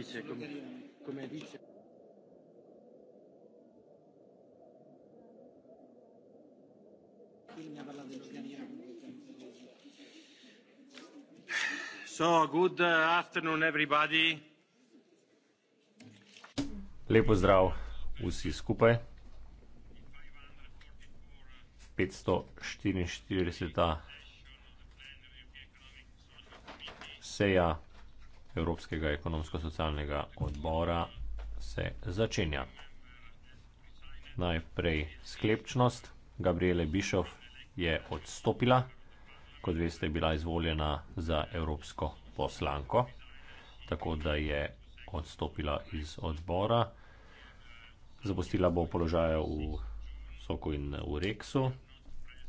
dice, come, come dice. So, good uh, afternoon, everybody. Lepo zdrav vsi skupaj. 544. seja Evropskega ekonomsko-socialnega odbora se začenja. Najprej sklepčnost. Gabriele Bišov je odstopila, kot veste, bila izvoljena za evropsko poslanko, tako da je odstopila iz odbora. Zapustila bo položaj v Soku in v Reksu.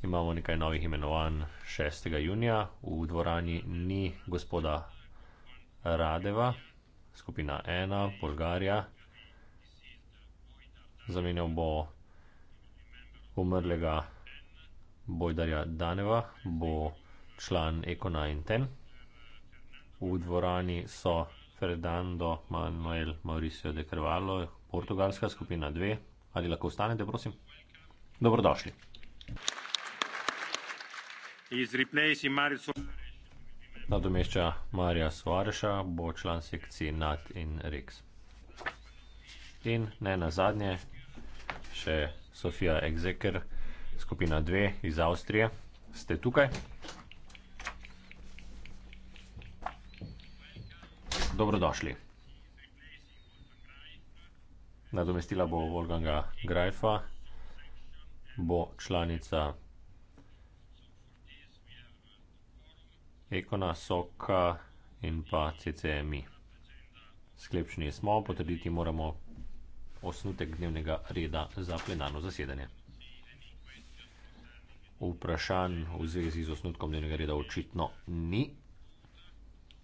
Imamo nekaj novih imenovanj 6. junija. V dvorani ni gospoda Radeva, skupina 1, Bolgarija. Zamenjal bo umrlega Bojdarja Daneva, bo član Eko 910. V dvorani so Fernando Manuel Mauricio de Carvalho, portugalska skupina 2. Ali lahko ostanete, prosim? Dobrodošli. Iz replace in maricu. Nadomešča Marija Svareša, bo član sekcij NAT in REX. In ne na zadnje, še Sofija Exeker, skupina 2 iz Avstrije. Ste tukaj? Dobrodošli. Nadomestila bo Volganga Grajfa, bo članica REX. Ekona, Soka in pa CCMI. Sklepšni smo, potrditi moramo osnutek dnevnega reda za plenarno zasedanje. Vprašanj v zvezi z osnutkom dnevnega reda očitno ni,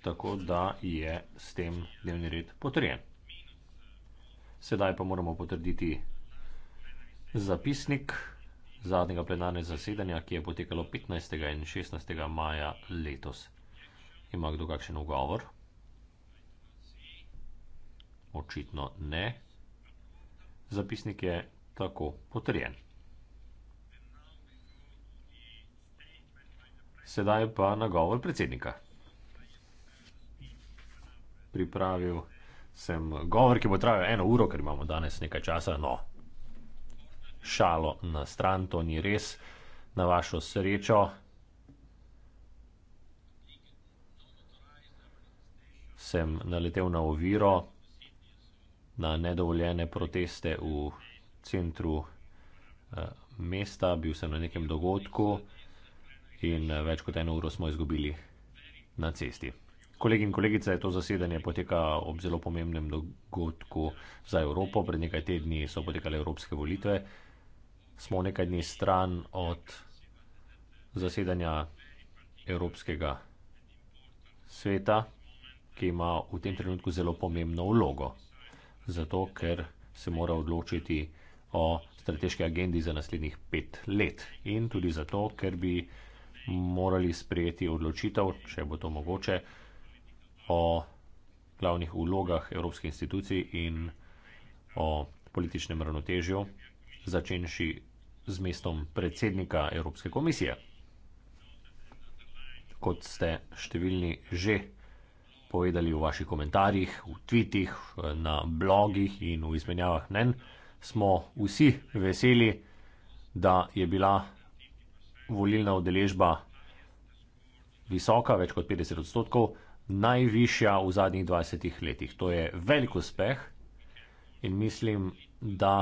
tako da je s tem dnevni red potrjen. Sedaj pa moramo potrditi zapisnik zadnjega plenarnega zasedanja, ki je potekalo 15. in 16. maja letos. Ima kdo kakšen ugovor? Očitno ne. Zapisnik je tako potrjen. Sedaj pa na govor predsednika. Pripravil sem govor, ki bo trajal eno uro, ker imamo danes nekaj časa. No, šalo na stran, to ni res. Na vašo srečo sem naletel na oviro, na nedovoljene proteste v centru eh, mesta, bil sem na nekem dogodku in eh, več kot eno uro smo izgubili na cesti. Kolegi in kolegice, to zasedanje poteka ob zelo pomembnem dogodku za Evropo. Pred nekaj tedni so potekale evropske volitve smo nekaj dni stran od zasedanja Evropskega sveta, ki ima v tem trenutku zelo pomembno vlogo. Zato, ker se mora odločiti o strateški agendi za naslednjih pet let in tudi zato, ker bi morali sprejeti odločitev, če bo to mogoče, o glavnih vlogah evropskih institucij in o političnem ravnotežju začenši z mestom predsednika Evropske komisije. Kot ste številni že povedali v vaših komentarjih, v tvitih, na blogih in v izmenjavah mnen, smo vsi veseli, da je bila volilna udeležba visoka, več kot 50 odstotkov, najvišja v zadnjih 20 letih. To je velik uspeh in mislim, da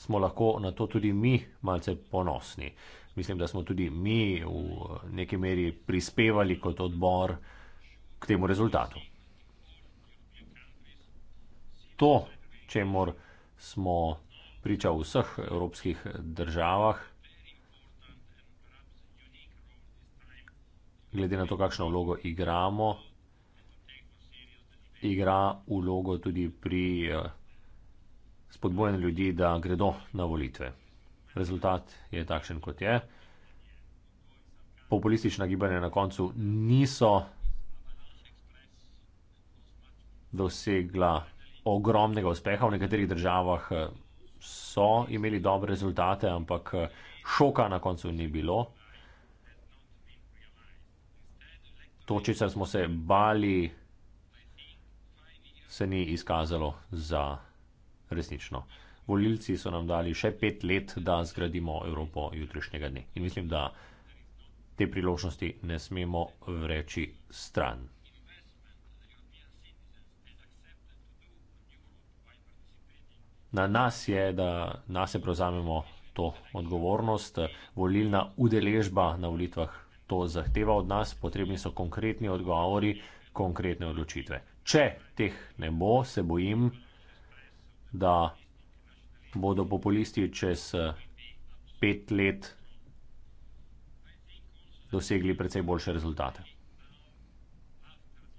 smo lahko na to tudi mi malce ponosni. Mislim, da smo tudi mi v neki meri prispevali kot odbor k temu rezultatu. To, če mor smo priča v vseh evropskih državah, glede na to, kakšno vlogo igramo, igra vlogo tudi pri. Uh, spodbujanje ljudi, da gredo na volitve. Rezultat je takšen, kot je. Populistična gibanja na koncu niso dosegla ogromnega uspeha. V nekaterih državah eh, so imeli dobre rezultate, ampak eh, šoka na koncu ni bilo. To, česar smo se bali, se ni izkazalo za resnično. Volilci so nam dali še pet let, da zgradimo Evropo jutrišnjega dne. In mislim, da te priložnosti ne smemo vreči stran. Na nas je, da nas je prevzamemo to odgovornost. Volilna udeležba na volitvah to zahteva od nas, potrebni so konkretni odgovori, konkretne odločitve. Če teh ne bo, se bojim, da bodo populisti čez eh, pet let dosegli precej boljše rezultate.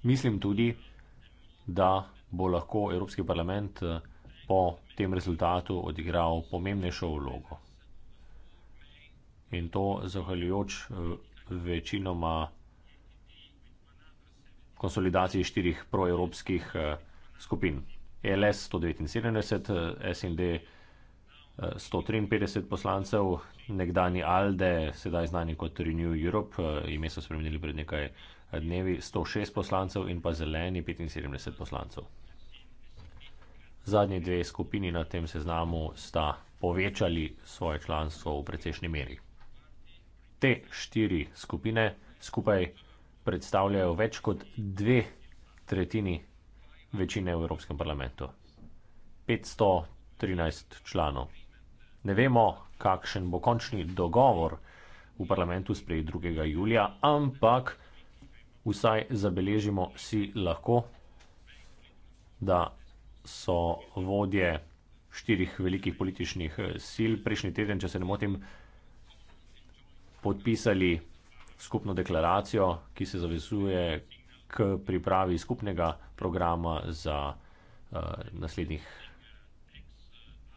Mislim tudi, da bo lahko Evropski parlament eh, po tem rezultatu odigral pomembnejšo vlogo. In to zahvaljujoč eh, večinoma konsolidaciji štirih proevropskih skupin. LS 179, SND 153 poslancev, nekdani ALDE, sedaj znani kot Renew Europe, eh, ime so spremenili pred nekaj eh, dnevi, 106 poslancev in pa zeleni 75 poslancev. Zadnji dve skupini na tem seznamu sta povečali svoje članstvo v precejšnji meri. Te štiri skupine skupaj predstavljajo več kot dve tretjini večine v Evropskem parlamentu. 513 članov. Ne vemo, kakšen bo končni dogovor v parlamentu sprejet 2. julija, ampak vsaj zabeležimo si lahko, da so vodje štirih velikih političnih sil prejšnji teden, če se ne motim, podpisali skupno deklaracijo, ki se zavezuje k pripravi skupnega programa za uh, naslednjih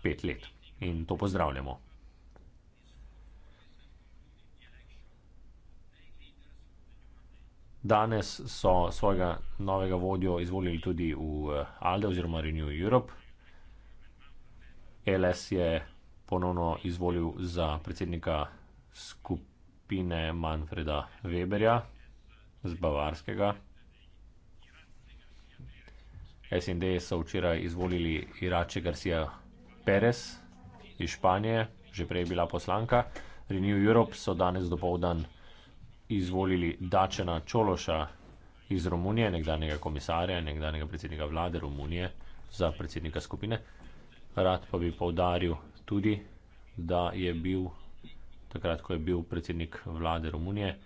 pet let. In to pozdravljamo. Danes so svojega novega vodjo izvolili tudi v eh, ALDE oziroma Renew Europe. LS je ponovno izvolil za predsednika skupine Manfreda Weberja z Bavarskega. SND so včeraj izvolili Irače Garcia Perez iz Španije, že prej bila poslanka. Renew Europe so danes dopoledan izvolili Dačena Čološa iz Romunije, nekdanjega komisarja, nekdanjega predsednika vlade Romunije za predsednika skupine. Rad pa bi povdaril tudi, da je bil takrat, ko je bil predsednik vlade Romunije,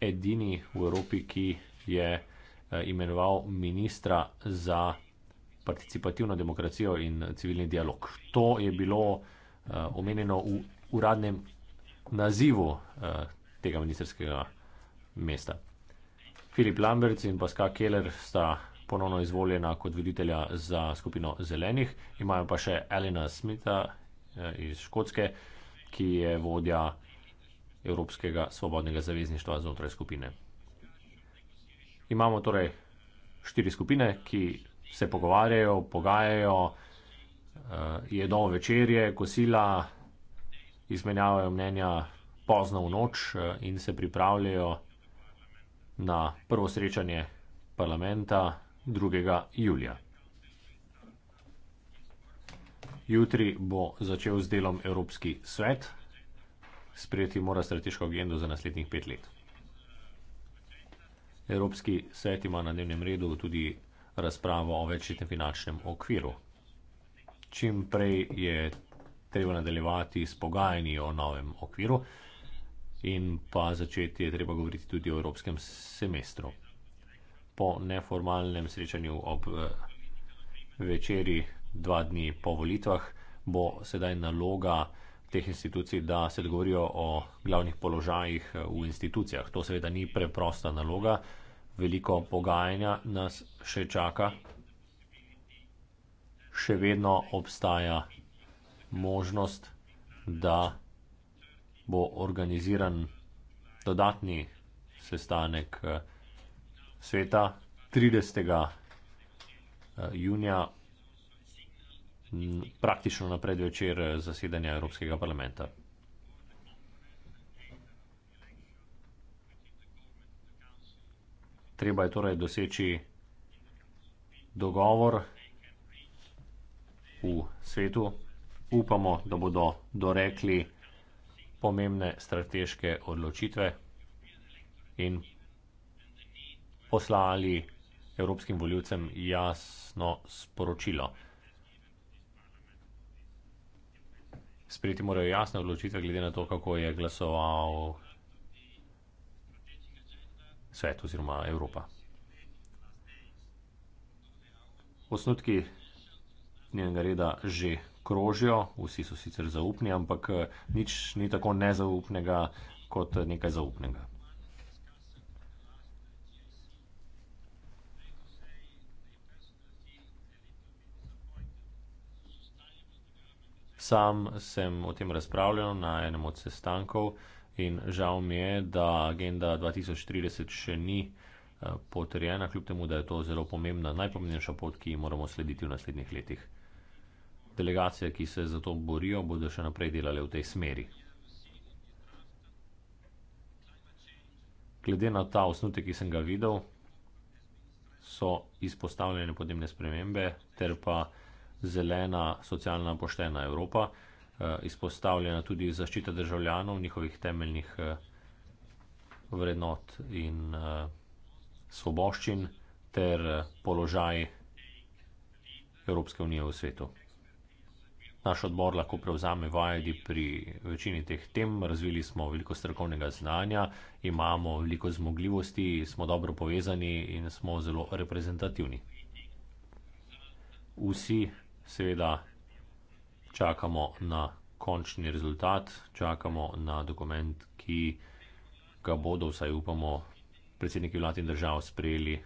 edini v Evropi, ki je Eh, imenoval ministra za participativno demokracijo in civilni dialog. To je bilo eh, omenjeno v uradnem nazivu eh, tega ministerskega mesta. Filip Lamberts in Paska Keller sta ponovno izvoljena kot voditelja za skupino zelenih, imajo pa še Elena Smitha iz Škotske, ki je vodja Evropskega svobodnega zavezništva znotraj skupine imamo torej štiri skupine, ki se pogovarjajo, pogajajo, eh, jedo večerje, kosila, izmenjavajo mnenja pozno v noč eh, in se pripravljajo na prvo srečanje parlamenta 2. julija. Jutri bo začel z delom Evropski svet, sprejeti mora strateško agendo za naslednjih pet let. Evropski svet ima na dnevnem redu tudi razpravo o večletnem finančnem okviru. Čim prej je treba nadaljevati s pogajanji o novem okviru in pa začeti je treba govoriti tudi o evropskem semestru. Po neformalnem srečanju ob eh, večeri dva dni po volitvah bo sedaj naloga teh institucij, da se dogovorijo o glavnih položajih eh, v institucijah. To seveda ni preprosta naloga veliko pogajanja nas še čaka. Še vedno obstaja možnost, da bo organiziran dodatni sestanek eh, sveta 30. Eh, junija, praktično na predvečer eh, zasedanja Evropskega parlamenta. treba je torej doseči dogovor v svetu. Upamo, da bodo dorekli pomembne strateške odločitve in poslali evropskim voljivcem jasno sporočilo. Sprejeti morajo jasne odločitve glede na to, kako je glasoval svet oziroma Evropa. Osnutki njenega reda že krožijo, vsi so sicer zaupni, ampak eh, nič ni tako nezaupnega kot nekaj zaupnega. Sam sem o tem razpravljal na enem od sestankov. In žal mi je, da agenda 2030 še ni eh, potrjena, kljub temu, da je to zelo pomembna, najpomembnejša pot, ki jo moramo slediti v naslednjih letih. Delegacije, ki se za to borijo, bodo še naprej delale v tej smeri. Glede na ta osnutek, ki sem ga videl, so izpostavljene podnebne spremembe ter pa zelena, socialna, poštena Evropa. Eh, izpostavljena tudi zaščita državljanov, njihovih temeljnih eh, vrednot in eh, svoboščin ter položaj Evropske unije v svetu. Naš odbor lahko prevzame vajedi pri večini teh tem, razvili smo veliko strokovnega znanja, imamo veliko zmogljivosti, smo dobro povezani in smo zelo reprezentativni. Vsi seveda čakamo na končni rezultat, čakamo na dokument, ki ga bodo, vsaj upamo, predsedniki vlad in držav sprejeli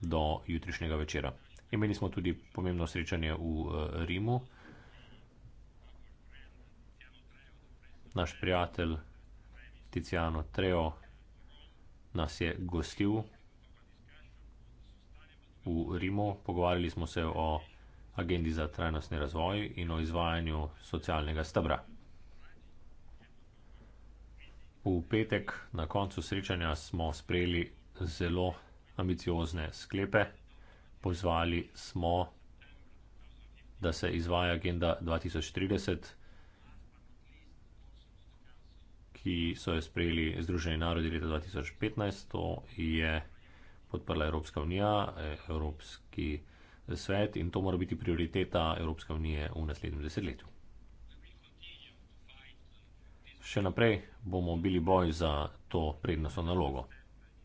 do jutrišnjega večera. Imeli smo tudi pomembno srečanje v eh, Rimu. Naš prijatelj Tiziano Treo nas je gostil v Rimu, pogovarjali smo se o agendi za trajnostni razvoj in o izvajanju socialnega stebra. V petek na koncu srečanja smo sprejeli zelo ambiciozne sklepe. Pozvali smo, da se izvaja agenda 2030, ki so jo sprejeli Združeni narodi leta 2015. To je podprla Evropska unija, Evropski parlament svet in to mora biti prioriteta Evropske unije v naslednjem desetletju. Še naprej bomo bili boj za to prednostno nalogo.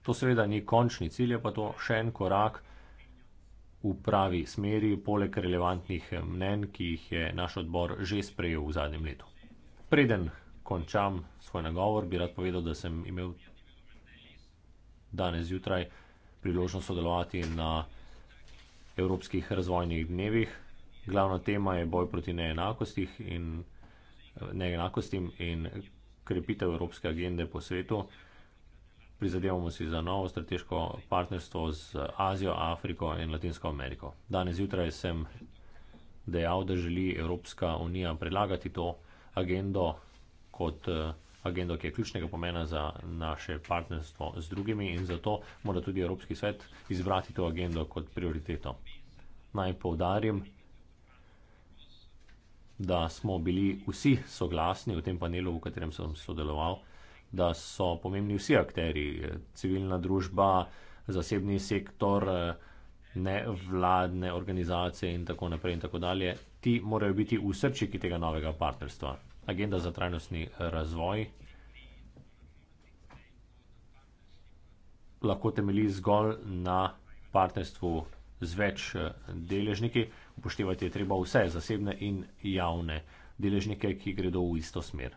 To seveda ni končni cilj, je pa to še en korak v pravi smeri, poleg relevantnih mnen, ki jih je naš odbor že sprejel v zadnjem letu. Preden končam svoj nagovor, bi rad povedal, da sem imel danes zjutraj priložnost sodelovati na evropskih razvojnih dnevih. Glavna tema je boj proti neenakostih in neenakostim in krepitev evropske agende po svetu. Prizadevamo si za novo strateško partnerstvo z Azijo, Afriko in Latinsko Ameriko. Danes zjutraj sem dejal, da želi Evropska unija predlagati to agendo kot agendo, ki je ključnega pomena za naše partnerstvo z drugimi in zato mora tudi Evropski svet izbrati to agendo kot prioriteto naj povdarim, da smo bili vsi soglasni v tem panelu, v katerem sem sodeloval, da so pomembni vsi akteri, civilna družba, zasebni sektor, nevladne organizacije in tako naprej in tako dalje. Ti morajo biti v srčiki tega novega partnerstva. Agenda za trajnostni razvoj lahko temelji zgolj na partnerstvu z več eh, deležniki, upoštevati je treba vse zasebne in javne deležnike, ki gredo v isto smer.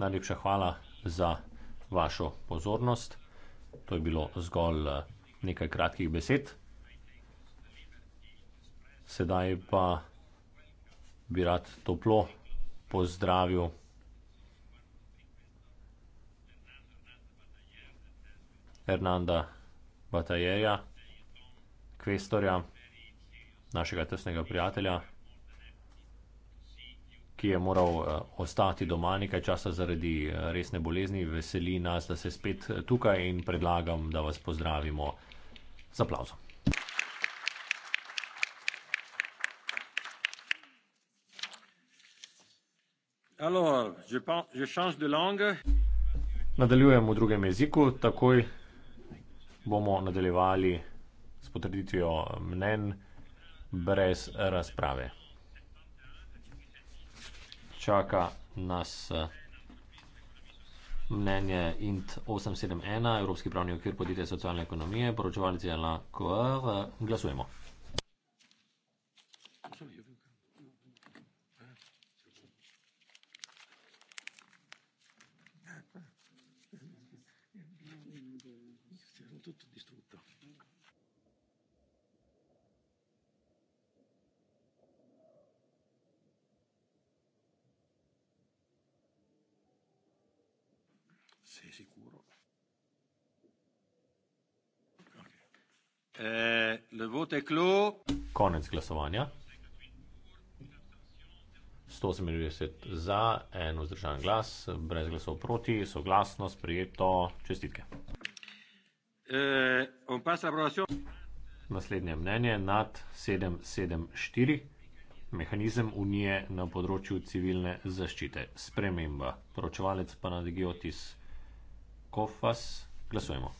Najlepša hvala za vašo pozornost. To je bilo zgolj eh, nekaj kratkih besed. Sedaj pa bi rad toplo pozdravil Hernanda Batajeja kvestorja, našega tesnega prijatelja, ki je moral eh, ostati doma nekaj časa zaradi eh, resne bolezni. Veseli nas, da se spet eh, tukaj in predlagam, da vas pozdravimo z aplauzom. Nadaljujem v drugem jeziku, takoj bomo nadaljevali s potrditvijo mnen, brez razprave. Čaka nas eh, mnenje INT 871, Evropski pravni okvir podjetja socialne ekonomije, poročevalci LAKOR, glasujemo. Lepo teklo. Konec glasovanja. 198 za, en vzdržan glas, brez glasov proti, soglasno, sprijeto, čestitke. Eh, Naslednje mnenje, nad 774, mehanizem unije na področju civilne zaščite. Sprememba, poročevalec Panadigiotis Kofas, glasujemo.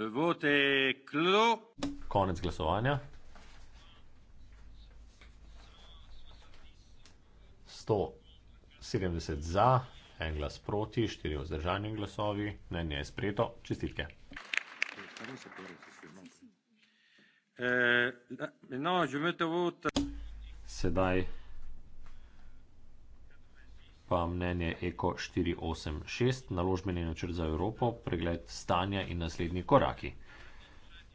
Le vote est clos. Konec glasovanja. 170 za, en glas proti, štiri vzdržani glasovi, mnenje je sprejeto, čestitke. Eh, no, Sedaj pa mnenje Eko 486, naložbeni načrt za Evropo, pregled stanja in naslednji koraki.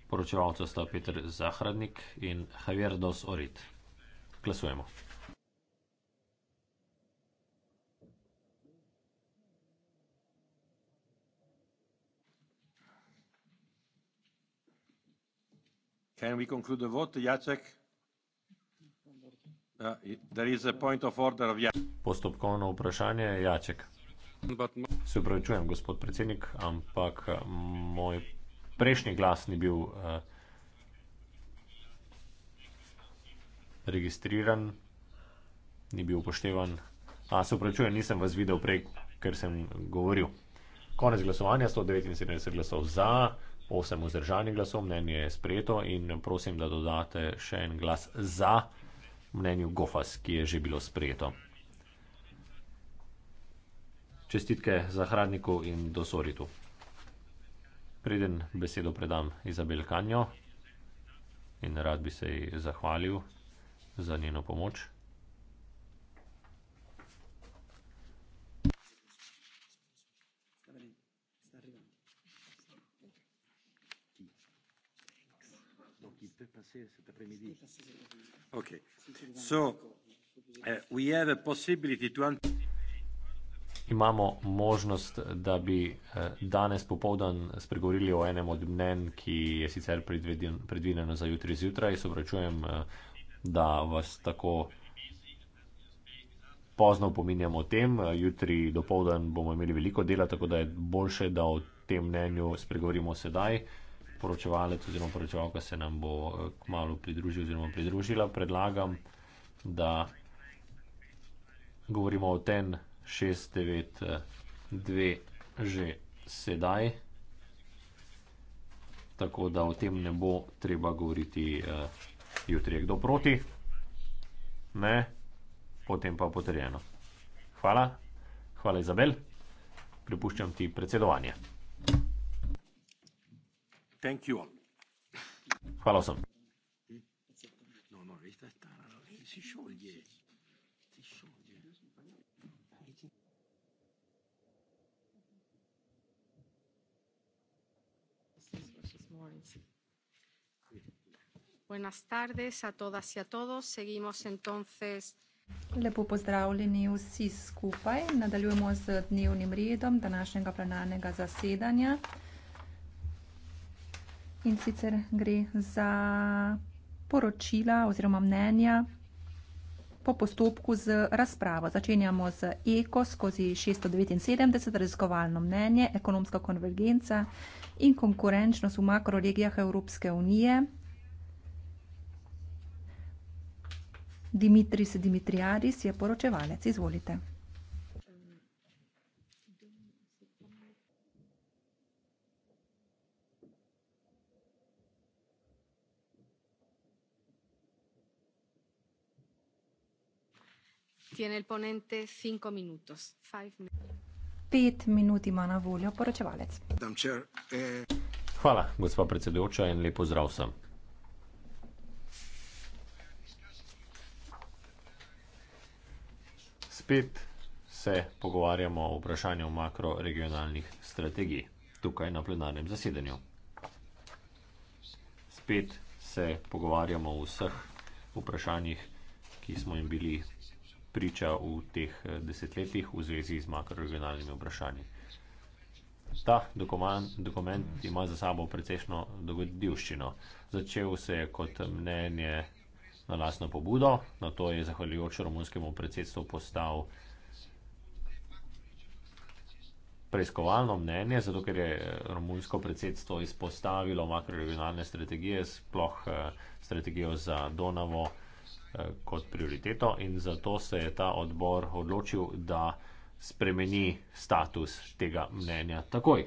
Poročevalca sta Peter Zahradnik in Javier Dos Orit. Glasujemo. Can we conclude the vote, Jacek? Postopkovno vprašanje, Jaček. Se upravičujem, gospod predsednik, ampak eh, moj prejšnji glas ni bil eh, registriran, ni bil upoštevan. A, se upravičujem, nisem vas videl prej, ker sem govoril. Konec glasovanja, 179 glasov za, 8 vzdržanih glasov, mnenje je sprejeto in prosim, da dodate še en glas za mnenju GOFAS, ki je že bilo sprejeto. Čestitke Zahradniku in Dosoritu. Preden besedo predam Izabel Kanjo in rad bi se ji zahvalil za njeno pomoč. cet après-midi. OK. So, uh, we have a possibility to imamo možnost, da bi eh, danes popovdan spregovorili o enem od mnen, ki je sicer predvideno za jutri zjutraj. Se obračujem, eh, da vas tako pozno pominjam o tem. Jutri do povdan bomo imeli veliko dela, tako da je boljše, da o tem mnenju spregovorimo sedaj. Uh, poročevalec oziroma poročevalka se nam bo eh, k malu pridružil oziroma pridružila, predlagam, da govorimo o ten 692 eh, že sedaj. Tako da o tem ne bo treba govoriti eh, jutri, kdo proti, ne, potem pa potrjeno. Hvala, hvala Izabel, pripuščam ti predsedovanje. Thank you all. Hvala vsem. No, no, Buenas tardes a todas y a todos. Seguimos entonces. Lepo pozdravljeni vsi skupaj. Nadaljujemo z dnevnim redom današnjega plenarnega zasedanja in sicer gre za poročila oziroma mnenja po postopku z razpravo. Začenjamo z ECO skozi 679, raziskovalno mnenje, ekonomska konvergenca in konkurenčnost v makroregijah Evropske unije. Dimitris Dimitriadis je poročevalec, izvolite. Pet minut ima na voljo poročevalec. Eh, Hvala, gospa predsedujoča, in lepo zdrav vsem. Spet se pogovarjamo o vprašanju makroregionalnih strategij tukaj na plenarnem zasedanju. Spet se pogovarjamo o vseh vprašanjih, ki smo jim bili priča v teh eh, desetletjih v zvezi z makroregionalnimi vprašanji. Ta dokument, dokument ima za sabo precejšno dogodivščino. Začel se je kot mnenje na lasno pobudo, na to je zahvaljujoč romunskemu predsedstvu postal preiskovalno mnenje, zato ker je eh, romunsko predsedstvo izpostavilo makroregionalne strategije, sploh eh, strategijo za Donavo kot prioriteto in zato se je ta odbor odločil, da spremeni status tega mnenja takoj.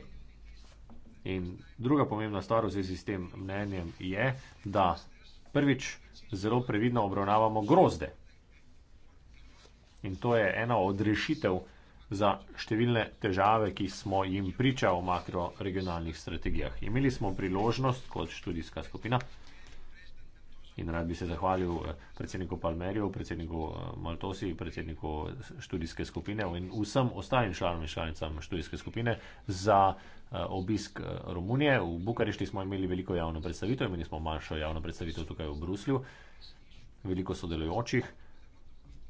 In druga pomembna stvar v zvezi s tem mnenjem je, da prvič zelo previdno obravnavamo grozde. In to je ena od rešitev za številne težave, ki smo jim priča v makroregionalnih strategijah. Imeli smo priložnost kot študijska skupina In rad bi se zahvalil eh, predsedniku Palmerju, predsedniku eh, Maltosi, predsedniku študijske skupine in vsem ostalim članom in članicam študijske skupine za eh, obisk Romunije. V Bukarešti smo imeli veliko javno predstavitev, imeli smo manjšo javno predstavitev tukaj v Bruslju, veliko sodelujočih.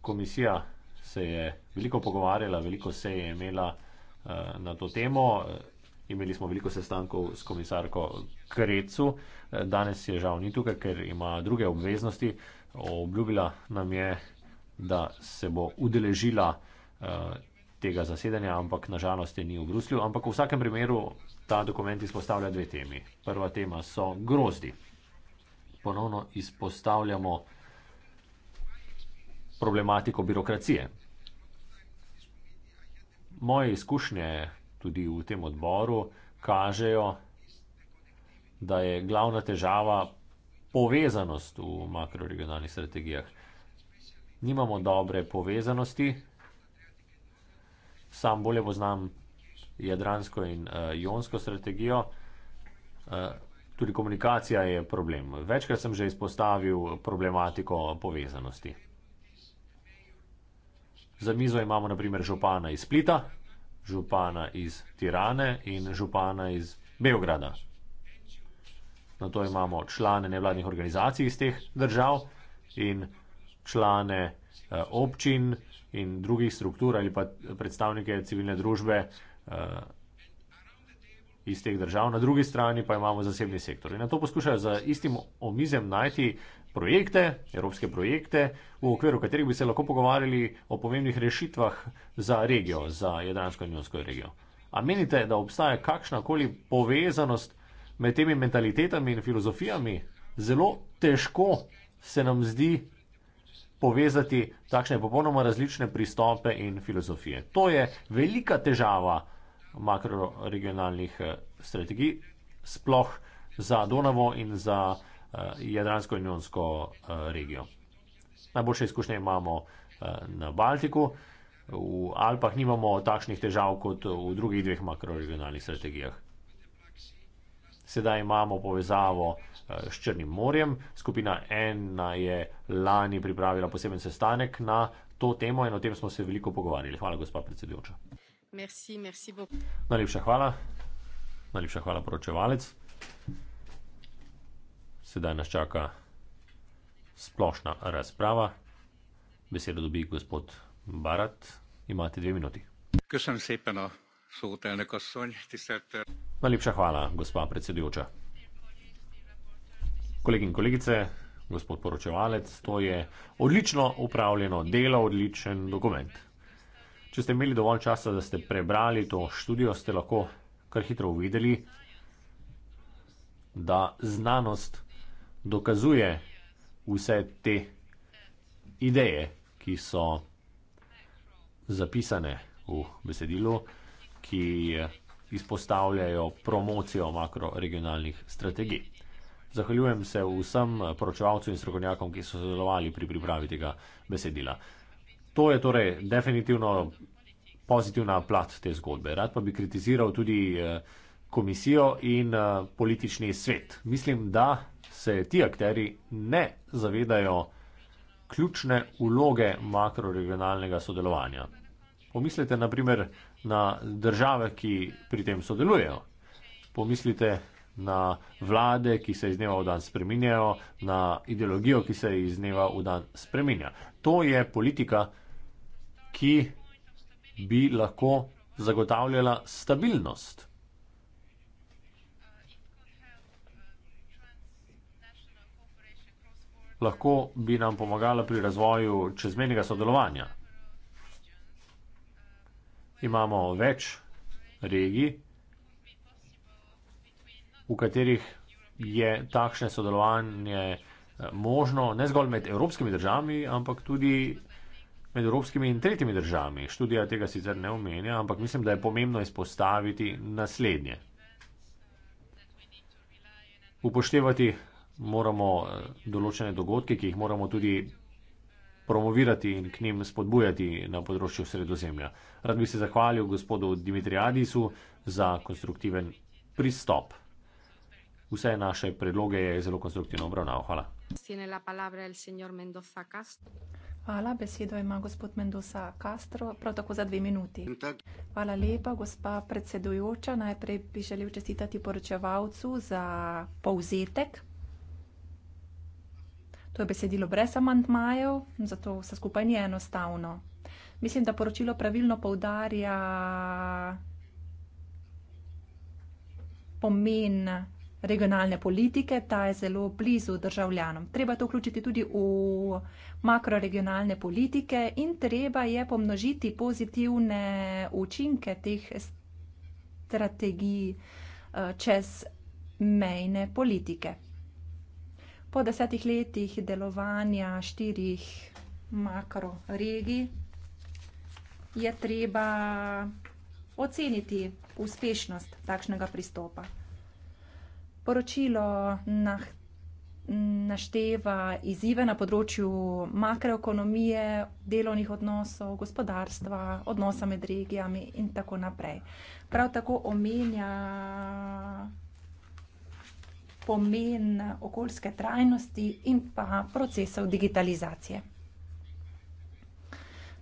Komisija se je veliko pogovarjala, veliko se je imela na to temo. Imeli smo veliko sestankov s komisarko Krecu, danes je žal ni tukaj, ker ima druge obveznosti. Obljubila nam je, da se bo udeležila eh, tega zasedanja, ampak nažalost je ni v Bruslju. Ampak v vsakem primeru ta dokument izpostavlja dve temi. Prva tema so grozdi. Ponovno izpostavljamo problematiko birokracije. Moje izkušnje tudi v tem odboru, kažejo, da je glavna težava povezanost v makroregionalnih strategijah. Nimamo dobre povezanosti, sam bolje poznam jadransko in uh, eh, jonsko strategijo. Uh, tudi komunikacija je problem. Večkrat sem že izpostavil problematiko povezanosti. Za mizo imamo naprimer župana iz Splita, župana iz Tirane in župana iz Beograda. Na to imamo člane nevladnih organizacij iz teh držav in člane eh, občin in drugih struktur ali pa eh, predstavnike civilne družbe. Eh, iz teh držav, na drugi strani pa imamo zasebni sektor. In na to poskušajo za istim omizem najti projekte, evropske projekte, v okviru katerih bi se lahko pogovarjali o pomembnih rešitvah za regijo, za Jadransko in Jonsko regijo. A menite, da obstaja kakšnakoli povezanost med temi mentalitetami in filozofijami? Zelo težko se nam zdi povezati takšne popolnoma različne pristope in filozofije. To je velika težava makroregionalnih eh, strategij, sploh za Donavo in za eh, Jadransko-Jonsko eh, regijo. Najboljše izkušnje imamo na Baltiku, v Alpah nimamo takšnih težav kot v drugih dveh makroregionalnih strategijah. Sedaj imamo povezavo s Črnim morjem. Skupina ena je lani pripravila poseben sestanek na to temo in o tem smo se veliko pogovarjali. Hvala, gospa predsedujoča. Merci, merci Najlepša hvala. Najlepša hvala, poročevalec. Sedaj nas čaka splošna razprava. Besedo dobi gospod Barat. Imate dve minuti. Najlepša hvala, gospa predsedujoča. Kolegi in kolegice, gospod poročevalec, to je odlično upravljeno delo, odličen dokument. Če ste imeli dovolj časa, da ste prebrali to študijo, ste lahko kar hitro uvideli, da znanost dokazuje vse te ideje, ki so zapisane v besedilu, ki izpostavljajo promocijo makroregionalnih strategij. Zahvaljujem se vsem poročevalcu in strokovnjakom, ki so sodelovali pri pripravi tega besedila. To je torej definitivno pozitivna plat te zgodbe. Rad pa bi kritiziral tudi eh, komisijo in eh, politični svet. Mislim, da se ti akteri ne zavedajo ključne uloge makroregionalnega sodelovanja. Pomislite naprimer na države, ki pri tem sodelujejo. Pomislite na vlade, ki se iz dneva v dan spreminjajo, na ideologijo, ki se iz dneva v dan spreminja. To je politika, ki bi lahko zagotavljala stabilnost. lahko bi nam pomagala pri razvoju čezmenjega sodelovanja. Imamo več regij, v katerih je takšne sodelovanje eh, možno ne zgolj med evropskimi državami, ampak tudi med evropskimi in tretjimi državami. Študija tega sicer ne omenja, ampak mislim, da je pomembno izpostaviti naslednje. Upoštevati moramo eh, določene dogodke, ki jih moramo tudi promovirati in k njim spodbujati na področju sredozemlja. Rad bi se zahvalil gospodu Dimitrijadisu za konstruktiven pristop. Vse naše predloge je zelo konstruktivno obravnaval. Hvala. Hvala, besedo ima gospod Mendoza Castro, prav tako za dve minuti. Hvala lepa, gospa predsedujoča. Najprej bi želel čestitati poročevalcu za povzetek. To je besedilo brez amantmajev, zato vse skupaj ni enostavno. Mislim, da poročilo pravilno povdarja pomen regionalne politike, ta je zelo blizu državljanom. Treba to vključiti tudi v makroregionalne politike in treba je pomnožiti pozitivne učinke teh strategij eh, čez mejne politike. Po desetih letih delovanja štirih makroregij je treba oceniti uspešnost takšnega pristopa. Poročilo na, našteva izzive na področju makroekonomije, delovnih odnosov, gospodarstva, odnosa med regijami in tako naprej. Prav tako omenja pomen okoljske trajnosti in pa procesov digitalizacije.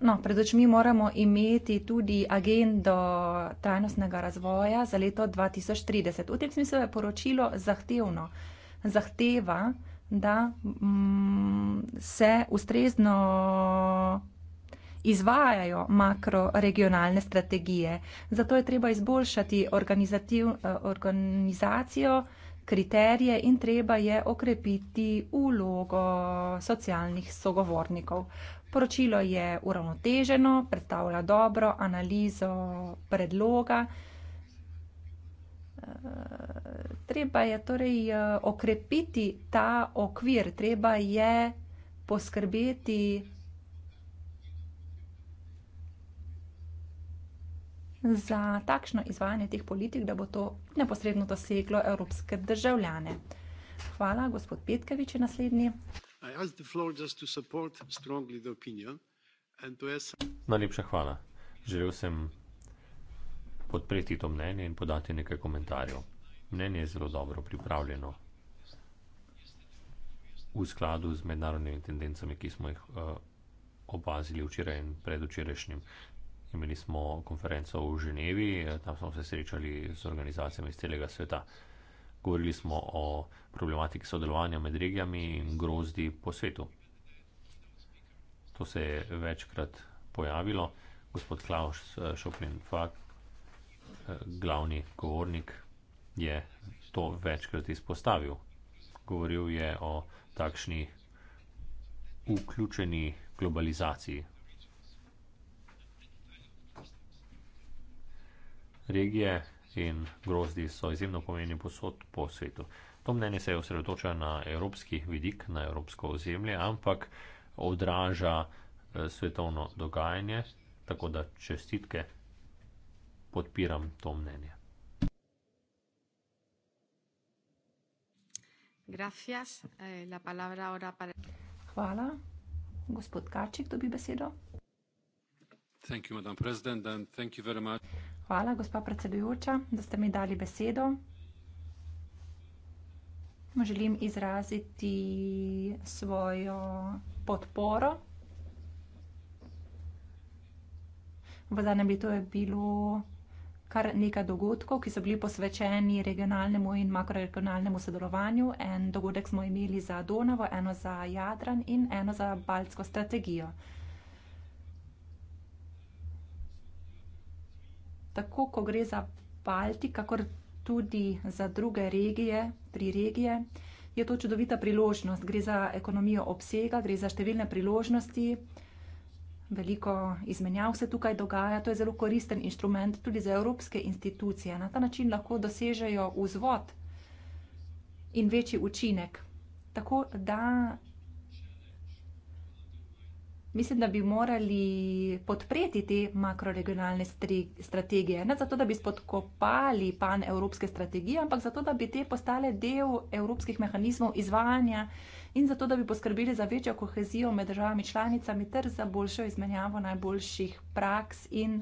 No, pred očmi moramo imeti tudi agendo trajnostnega razvoja za leto 2030. V tem smislu je poročilo zahtevno. Zahteva, da mm, se ustrezno izvajajo makroregionalne strategije. Zato je treba izboljšati organizacijo, kriterije in treba je okrepiti ulogo socialnih sogovornikov. Poročilo je uravnoteženo, predstavlja dobro analizo predloga. Eh, treba je torej eh, okrepiti ta okvir, treba je poskrbeti za takšno izvajanje teh politik, da bo to neposredno doseglo evropske državljane. Hvala, gospod Petkevič je naslednji. I ask the floor just to support strongly the opinion and to ask... Najlepša hvala. Želel sem podpreti to mnenje in podati nekaj komentarjev. Mnenje je zelo dobro pripravljeno v skladu z mednarodnimi tendencami, ki smo jih uh, opazili včeraj in predvčerajšnjim. Imeli smo konferenco v Ženevi, eh, tam smo se srečali z organizacijami iz celega sveta. Uh, govorili smo o problematiki sodelovanja med regijami in grozdi po svetu. To se je večkrat pojavilo. Gospod Klaus eh, Šopenfak, eh, glavni govornik, je to večkrat izpostavil. Govoril je o takšni vključeni globalizaciji. Regije in grozdi so izjemno pomeni posod po svetu. To mnenje se je osredotoča na evropski vidik, na evropsko ozemlje, ampak odraža eh, svetovno dogajanje, tako da čestitke podpiram to mnenje. Eh, Hvala. Gospod Kaček dobi besedo. Hvala, gospa predsedujoča, da ste mi dali besedo. Želim izraziti svojo podporo. V zadnjem letu je bilo kar nekaj dogodkov, ki so bili posvečeni regionalnemu in makroregionalnemu sodelovanju. En dogodek smo imeli za Donavo, eno za Jadran in eno za Baltsko strategijo. tako ko gre za Balti, kakor tudi za druge regije, tri regije, je to čudovita priložnost. Gre za ekonomijo obsega, gre za številne priložnosti, veliko izmenjav se tukaj dogaja. To je zelo koristen inštrument tudi za evropske institucije. Na ta način lahko dosežejo vzvod in večji učinek. Tako da mislim, da bi morali podpreti te makroregionalne strategije. Ne zato, da bi spodkopali pan evropske strategije, ampak zato, da bi te postale del evropskih mehanizmov izvajanja in zato, da bi poskrbeli za večjo kohezijo med državami članicami ter za boljšo izmenjavo najboljših praks in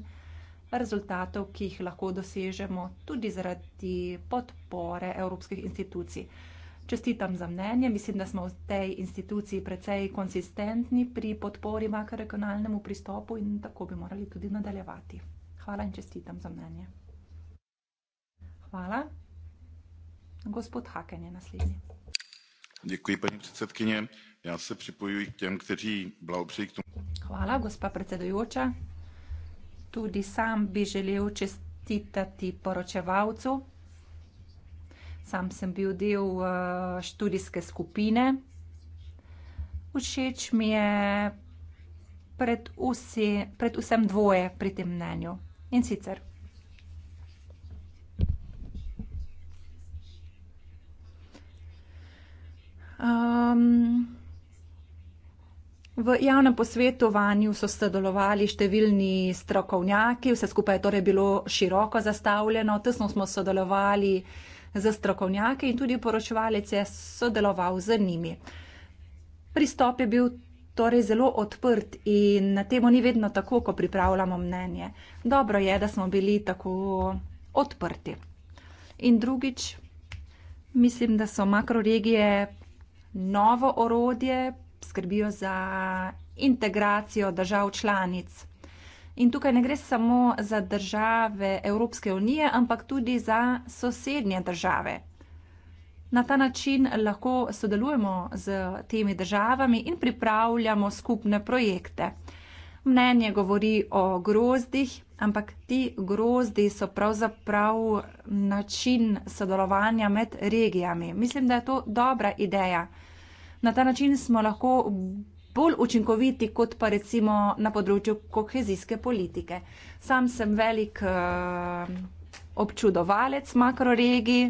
rezultatov, ki jih lahko dosežemo tudi zaradi podpore evropskih institucij čestitam za mnenje, mislim, da smo v tej instituciji precej konsistentni pri podpori makroregionalnemu pristopu in tako bi morali tudi nadaljevati. Hvala in čestitam za mnenje. Hvala. Gospod Haken je naslednji. Děkuji, paní předsedkyně. Já se připojuji k těm, kteří blahopřejí k tomu. Hvala, gospa predsedujoča. Tudi sam bi želel čestitati poročevalcu. Sam sem bil del eh, študijske skupine. Všeč mi je pred vsi, predvsem dvoje pri tem mnenju, in sicer: ehm, v javnem posvetovanju so sodelovali številni strokovnjaki, vse skupaj je torej bilo široko zastavljeno, tesno smo sodelovali za strokovnjake in tudi poročevalec je sodeloval z njimi. Pristop je bil torej zelo odprt in na temu ni vedno tako, ko pripravljamo mnenje. Dobro je, da smo bili tako odprti. In drugič, mislim, da so makroregije novo orodje, skrbijo za integracijo držav članic. In tukaj ne gre samo za države Evropske unije, ampak tudi za sosednje države. Na ta način lahko sodelujemo z temi državami in pripravljamo skupne projekte. Mnenje govori o grozdih, ampak ti grozdi so pravzaprav način sodelovanja med regijami. Mislim, da je to dobra ideja. Na ta način smo lahko bolj učinkoviti kot pa recimo na področju kohezijske politike. Sam sem velik eh, občudovalec makroregij.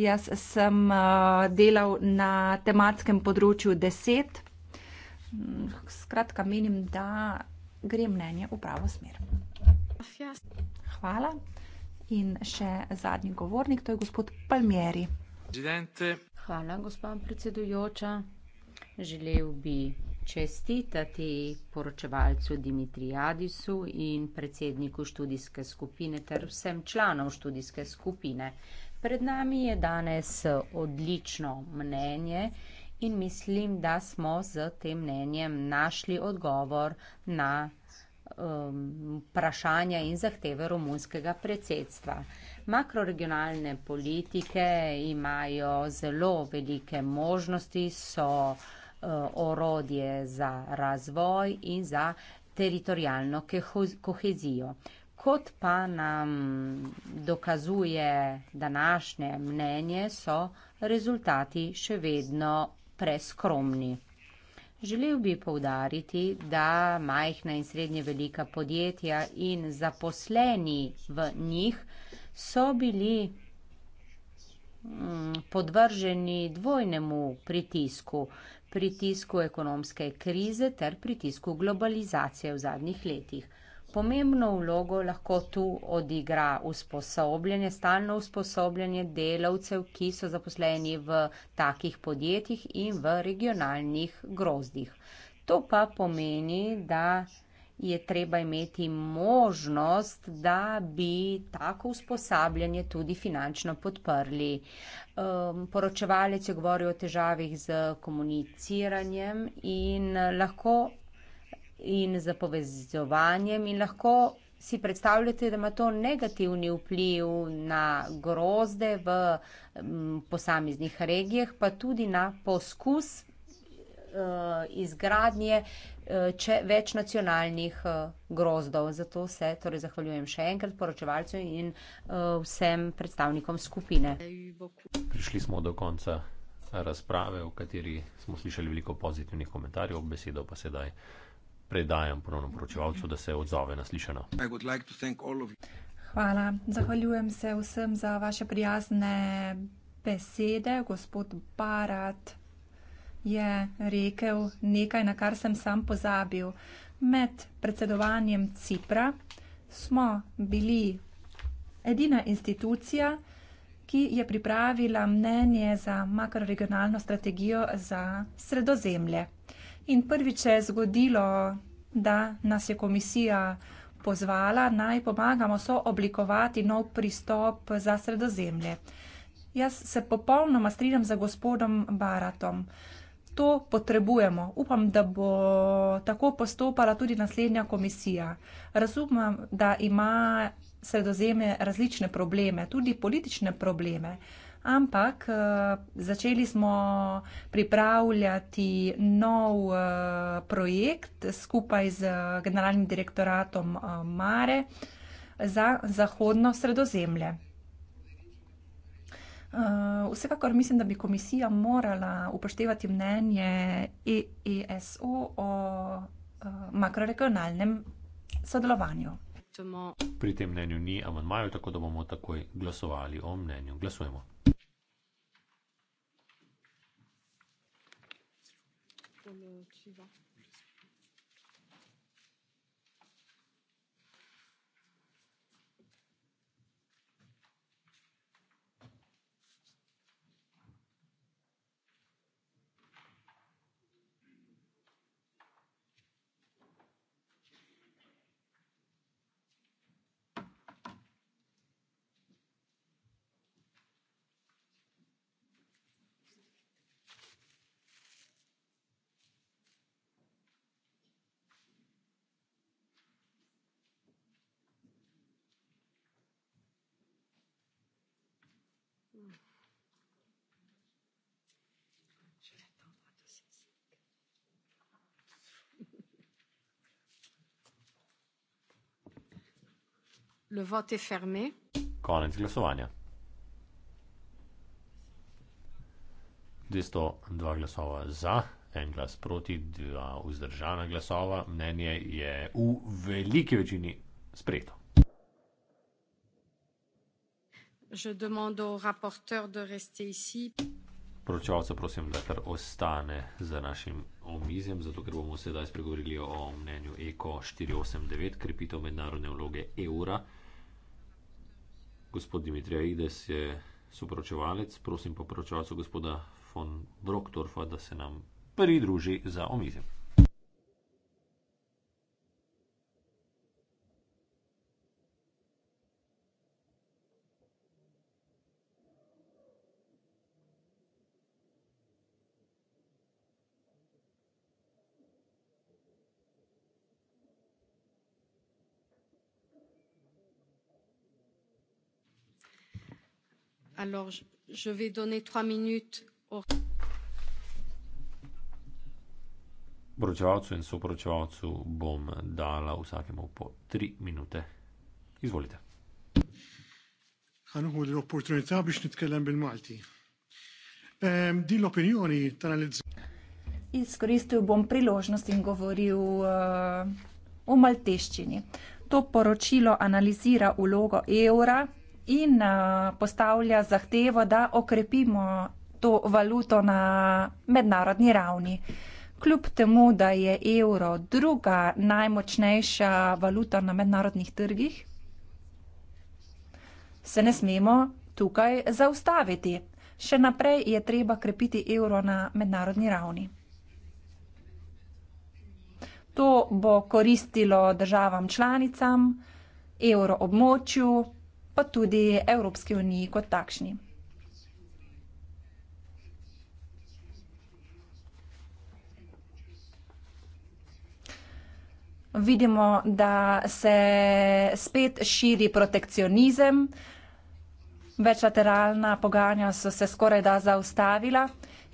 Jaz sem eh, delal na tematskem področju 10. Skratka, menim, da gre mnenje v pravo smer. Hvala. In še zadnji govornik, to je gospod Palmieri. Hvala, gospod predsedujoča. Želel bi čestitati poročevalcu Dimitrijadisu in predsedniku študijske skupine ter vsem članom študijske skupine. Pred nami je danes odlično mnenje in mislim, da smo z tem mnenjem našli odgovor na um, vprašanja in zahteve romunskega predsedstva. Makroregionalne politike imajo zelo velike možnosti, so Eh, orodje za razvoj in za teritorijalno kohezijo. Kot pa nam dokazuje današnje mnenje, so rezultati še vedno preskromni. Želel bi povdariti, da majhna in srednje velika podjetja in zaposleni v njih so bili mm, podvrženi dvojnemu pritisku pritisku ekonomske krize ter pritisku globalizacije v zadnjih letih. Pomembno vlogo lahko tu odigra usposobljanje, stalno usposobljanje delavcev, ki so zaposleni v takih podjetjih in v regionalnih grozdih. To pa pomeni, da je treba imeti možnost, da bi tako usposabljanje tudi finančno podprli. Ehm, poročevalec je govoril o težavih z komuniciranjem in lahko in z povezovanjem in lahko si predstavljate, da ima to negativni vpliv na grozde v posameznih regijah, pa tudi na poskus Eh, izgradnje eh, če, več nacionalnih eh, grozdov. Zato se torej zahvaljujem še enkrat poročevalcu in vsem predstavnikom skupine. Prišli smo do konca razprave, v kateri smo slišali veliko pozitivnih komentarjev, besedo pa sedaj predajam ponovno poročevalcu, da se odzove na slišano. Hvala. Zahvaljujem se vsem za vaše prijazne besede, gospod Barat, je rekel nekaj, na kar sem sam pozabil. Med predsedovanjem Cipra smo bili edina institucija, ki je pripravila mnenje za makroregionalno strategijo za sredozemlje. In prvič je zgodilo, da nas je komisija pozvala naj pomagamo so oblikovati nov pristop za sredozemlje. Jaz se popolnoma strinjam za gospodom Baratom to potrebujemo. Upam, da bo tako postopala tudi naslednja komisija. Razumem, da ima sredozemlje različne probleme, tudi politične probleme, ampak eh, začeli smo pripravljati nov eh, projekt skupaj z eh, generalnim direktoratom Mare za zahodno sredozemlje. Eh, vsekakor mislim, da bi komisija morala upoštevati mnenje EESO o eh, makroregionalnem sodelovanju. Pri tem mnenju ni amantmajo, tako da bomo takoj glasovali o mnenju. Glasujemo. Merci. Le vote est fermé. Konec glasovanja. 202 glasova za, en glas proti, dva vzdržana glasova. Mnenje je v veliki večini sprejeto. Je demande au rapporteur de rester ici. Poročevalce prosim, da kar ostane za našim omizjem, zato ker bomo sedaj spregovorili o mnenju ECO 489, krepitev mednarodne vloge evra gospod Dimitrij Aides je soporočevalec, prosim pa poročevalcu gospoda von Brocktorfa, da se nam pridruži za omizjem. Poročevalcu in soporočevalcu bom dala vsakemu po tri minute. Izvolite. Għan uħud l-opportunità biex nitkellem bil-Malti. Ehm, Din l-opinjoni tal Iskoristil bom priložnost in govoril uh, o malteščini. To poročilo analizira vlogo evra in eh, postavlja zahtevo, da okrepimo to valuto na mednarodni ravni. Kljub temu, da je evro druga najmočnejša valuta na mednarodnih trgih, se ne smemo tukaj zaustaviti. Še naprej je treba krepiti evro na mednarodni ravni. To bo koristilo državam članicam, evro območju, pa tudi Evropski uniji kot takšni. Vidimo, da se spet širi protekcionizem, večlateralna pogajanja so se skoraj da zaustavila.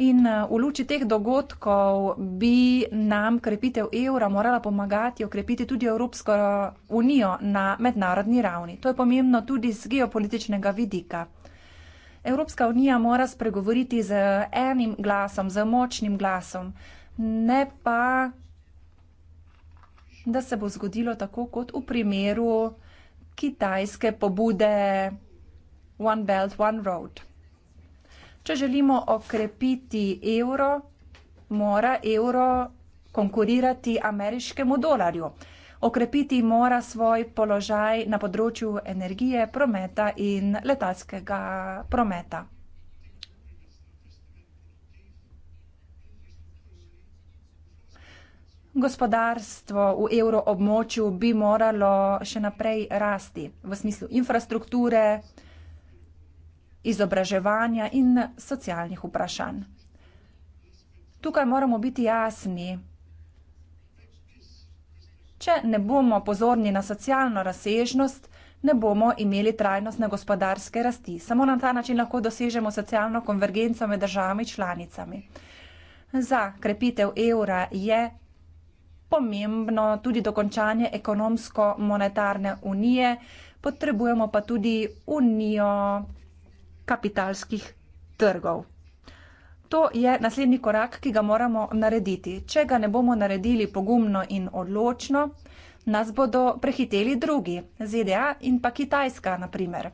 In eh, v luči teh dogodkov bi nam krepitev evra morala pomagati okrepiti tudi Evropsko eh, unijo na mednarodni ravni. To je pomembno tudi z geopolitičnega vidika. Evropska unija mora spregovoriti z enim glasom, z močnim glasom, ne pa, da se bo zgodilo tako kot v primeru kitajske pobude One Belt, One Road. Če želimo okrepiti evro, mora evro konkurirati ameriškemu dolarju. Okrepiti mora svoj položaj na področju energije, prometa in letalskega prometa. Gospodarstvo v evroobmočju bi moralo še naprej rasti v smislu infrastrukture, izobraževanja in socialnih vprašanj. Tukaj moramo biti jasni. Če ne bomo pozorni na socialno razsežnost, ne bomo imeli trajnostne gospodarske rasti. Samo na ta način lahko dosežemo socialno konvergenco med državami članicami. Za krepitev evra je pomembno tudi dokončanje ekonomsko-monetarne unije, potrebujemo pa tudi unijo kapitalskih trgov. To je naslednji korak, ki ga moramo narediti. Če ga ne bomo naredili pogumno in odločno, nas bodo prehiteli drugi, ZDA in pa Kitajska, na primer.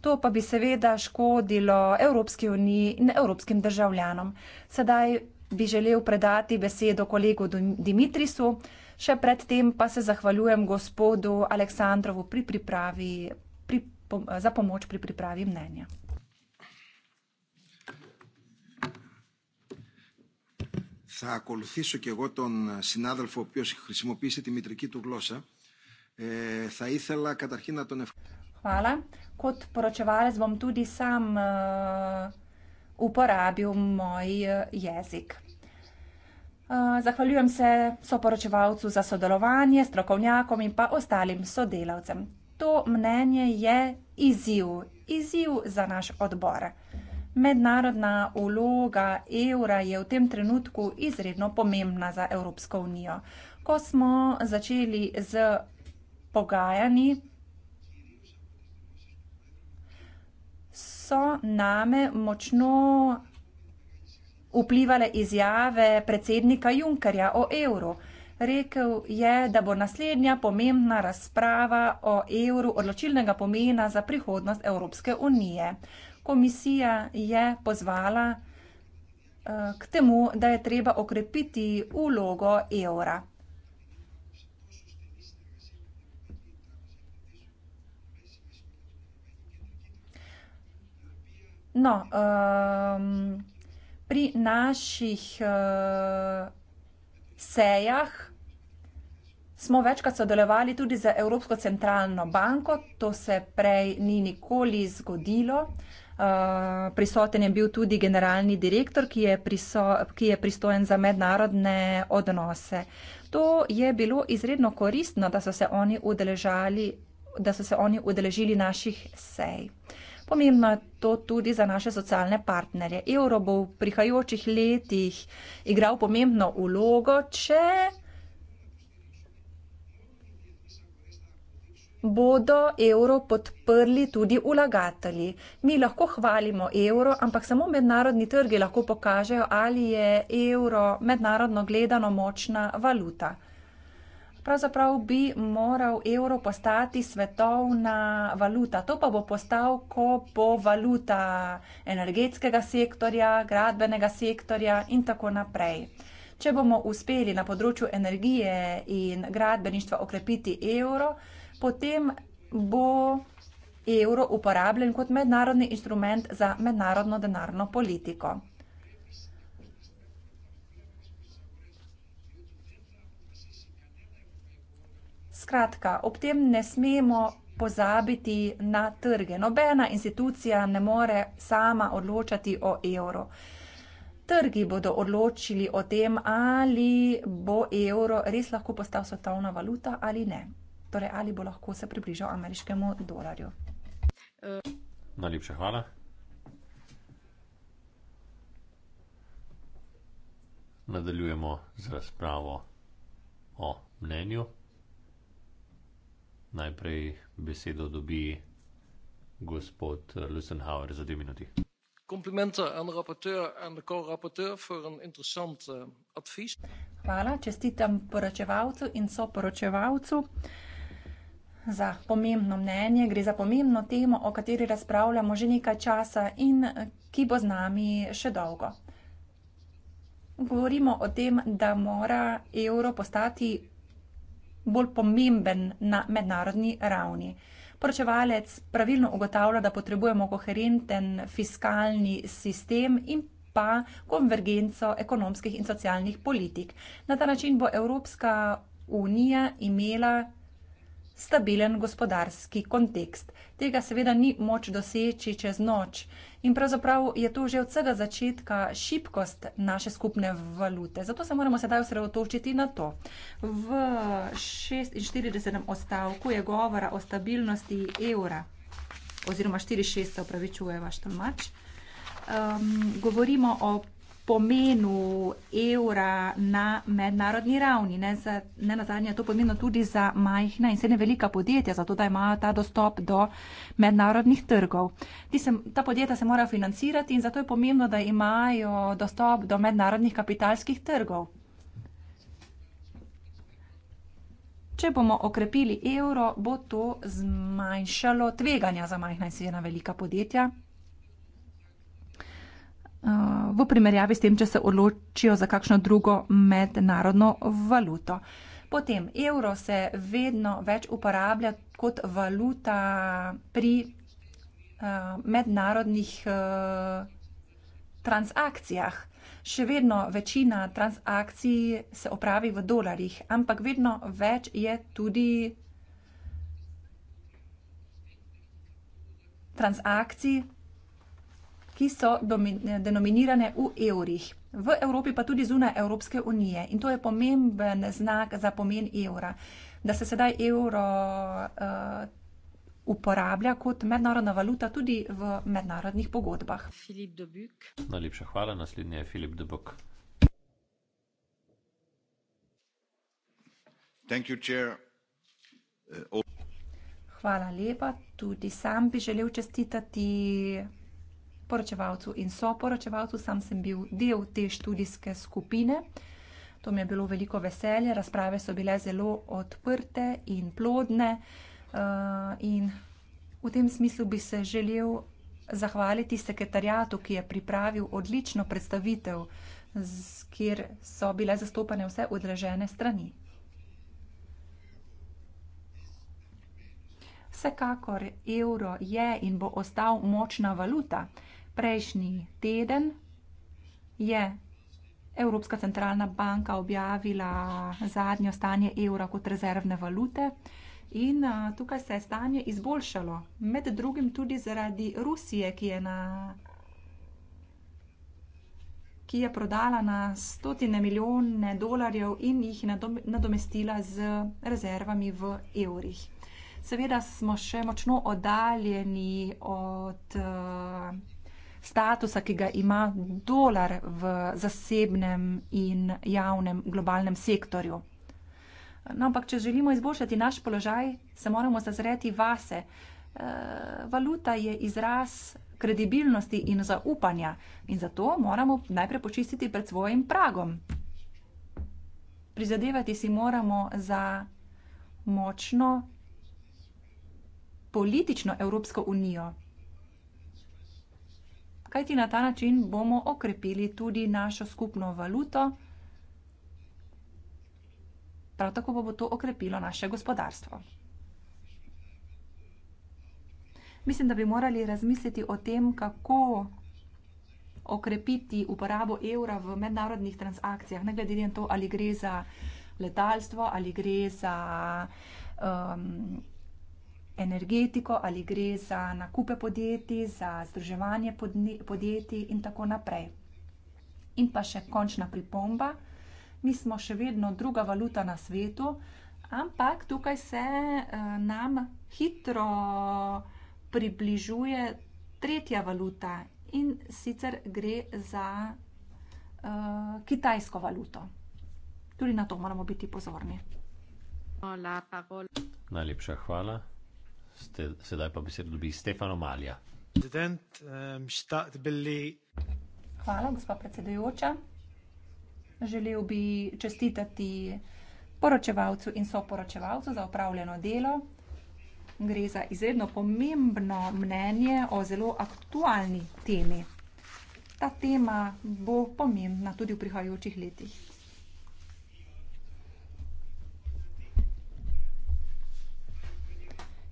To pa bi seveda škodilo Evropski uniji in evropskim državljanom. Sedaj bi želel predati besedo kolegu Dimitrisu, še predtem pa se zahvaljujem gospodu Aleksandrovu pri pri, za pomoč pri pripravi mnenja. θα ακολουθήσω και εγώ τον συνάδελφο ο οποίος χρησιμοποίησε τη μητρική του γλώσσα. Ε, θα ήθελα καταρχήν να τον ευχαριστήσω. Kot poročevalec bom tudi sam uh, uporabil moj jezik. Uh, zahvaljujem se soporočevalcu za sodelovanje, strokovnjakom in pa ostalim sodelavcem. To mnenje je izziv, izziv za naš odbor. Uh, Mednarodna vloga evra je v tem trenutku izredno pomembna za Evropsko unijo. Ko smo začeli z pogajanji, so name močno vplivale izjave predsednika Junkerja o evru. Rekl je, da bo naslednja pomembna razprava o evru odločilnega pomena za prihodnost Evropske unije komisija je pozvala eh, k temu, da je treba okrepiti vlogo evra. No, um, pri naših uh, sejah smo večkrat sodelovali tudi za Evropsko centralno banko, to se prej ni nikoli zgodilo. Uh, Eh, prisoten je bil tudi generalni direktor, ki je, priso, ki je pristojen za mednarodne odnose. To je bilo izredno koristno, da so se oni udeležali da so se oni udeležili naših sej. Pomembno je to tudi za naše socialne partnerje. Euro bo v prihajajočih letih igral pomembno ulogo, če bodo evro podprli tudi vlagatelji. Mi lahko hvalimo evro, ampak samo mednarodni trgi lahko pokažejo, ali je evro mednarodno gledano močna valuta. Pravzaprav bi moral evro postati svetovna valuta. To pa bo postal, ko bo valuta energetskega sektorja, gradbenega sektorja in tako naprej. Če bomo uspeli na področju energije in gradbeništva okrepiti evro, potem bo evro uporabljen kot mednarodni instrument za mednarodno denarno politiko. Skratka, ob tem ne smemo pozabiti na trge. Nobena institucija ne more sama odločati o evro. Trgi bodo odločili o tem, ali bo evro res lahko postal svetovna valuta ali ne torej ali bo lahko se približal ameriškemu dolarju. Najlepša hvala. Nadaljujemo z razpravo o mnenju. Najprej besedo dobi gospod Lusenhauer za dve minuti. Eh, hvala, čestitam poročevalcu in soporočevalcu za pomembno mnenje, gre za pomembno temo, o kateri razpravljamo že nekaj časa in ki bo z nami še dolgo. Govorimo o tem, da mora evro postati bolj pomemben na mednarodni ravni. Poročevalec pravilno ugotavlja, da potrebujemo koherenten fiskalni sistem in pa konvergenco ekonomskih in socialnih politik. Na ta način bo Evropska unija imela stabilen gospodarski kontekst. Tega seveda ni moč doseči čez noč in pravzaprav je to že od vsega začetka šibkost naše skupne valute. Zato se moramo sedaj osredotočiti na to. V 46. ostavku je govora o stabilnosti evra oziroma 46. opravičuje vaš tolmač. Um, govorimo o pomenu evra na mednarodni ravni. Ne, za, ne na zadnje, to pomeni tudi za majhna in srednje velika podjetja, zato da imajo ta dostop do mednarodnih trgov. Se, ta podjetja se morajo financirati in zato je pomembno, da imajo dostop do mednarodnih kapitalskih trgov. Če bomo okrepili evro, bo to zmanjšalo tveganja za majhna in srednja velika podjetja, Eh, v primerjavi s tem, če se odločijo za kakšno drugo mednarodno valuto. Potem evro se vedno več uporablja kot valuta pri uh, mednarodnih uh, transakcijah. Še vedno večina transakcij se opravi v dolarjih, ampak vedno več je tudi transakcij ki so denominirane v evrih. V Evropi pa tudi zunaj Evropske unije in to je pomemben znak za pomen evra, da se sedaj evro uh, uporablja kot mednarodna valuta tudi v mednarodnih pogodbah. Najlepša hvala, naslednji je Filip Dubok. Eh, hvala lepa, tudi sam bi želel čestitati poročevalcu in soporočevalcu, sam sem bil del te študijske skupine. To mi je bilo veliko veselje, razprave so bile zelo odprte in plodne. Eh, in v tem smislu bi se želel zahvaliti sekretarjatu, ki je pripravil odlično predstavitev, kjer so bile zastopane vse odražene strani. Vsekakor evro je in bo ostal močna valuta prejšnji teden je Evropska centralna banka objavila zadnjo stanje evra kot rezervne valute. In tukaj se je stanje izboljšalo, med drugim tudi zaradi Rusije, ki je, na, ki je prodala na stotine milijone dolarjev in jih nadomestila z rezervami v evrih. Seveda smo še močno oddaljeni od uh, statusa, ki ga ima dolar v zasebnem in javnem globalnem sektorju. No, ampak, če želimo izboljšati naš položaj, se moramo zazreti vase. E, valuta je izraz kredibilnosti in zaupanja in zato moramo najprej počistiti pred svojim pragom. Prizadevati si moramo za močno politično Evropsko unijo kajti na ta način bomo okrepili tudi našo skupno valuto. Prav tako pa bo to okrepilo naše gospodarstvo. Mislim, da bi morali razmisliti o tem, kako okrepiti uporabo evra v mednarodnih transakcijah, ne glede na to, ali gre za letalstvo, ali gre za. Um, energetiko, ali gre za nakupe podjetij, za združevanje podjetij in tako naprej. In pa še končna pripomba. Mi smo še vedno druga valuta na svetu, ampak tukaj se eh, nam hitro približuje tretja valuta in sicer gre za uh, kitajsko valuto. Tudi na to moramo biti pozorni. Hola, Najlepša hvala ste, sedaj pa besedo dobi Stefano Malja. Um, Hvala, gospa predsedujoča. Želel bi čestitati poročevalcu in soporočevalcu za upravljeno delo. Gre za izredno pomembno mnenje o zelo aktualni temi. Ta tema bo pomembna tudi v prihajajočih letih.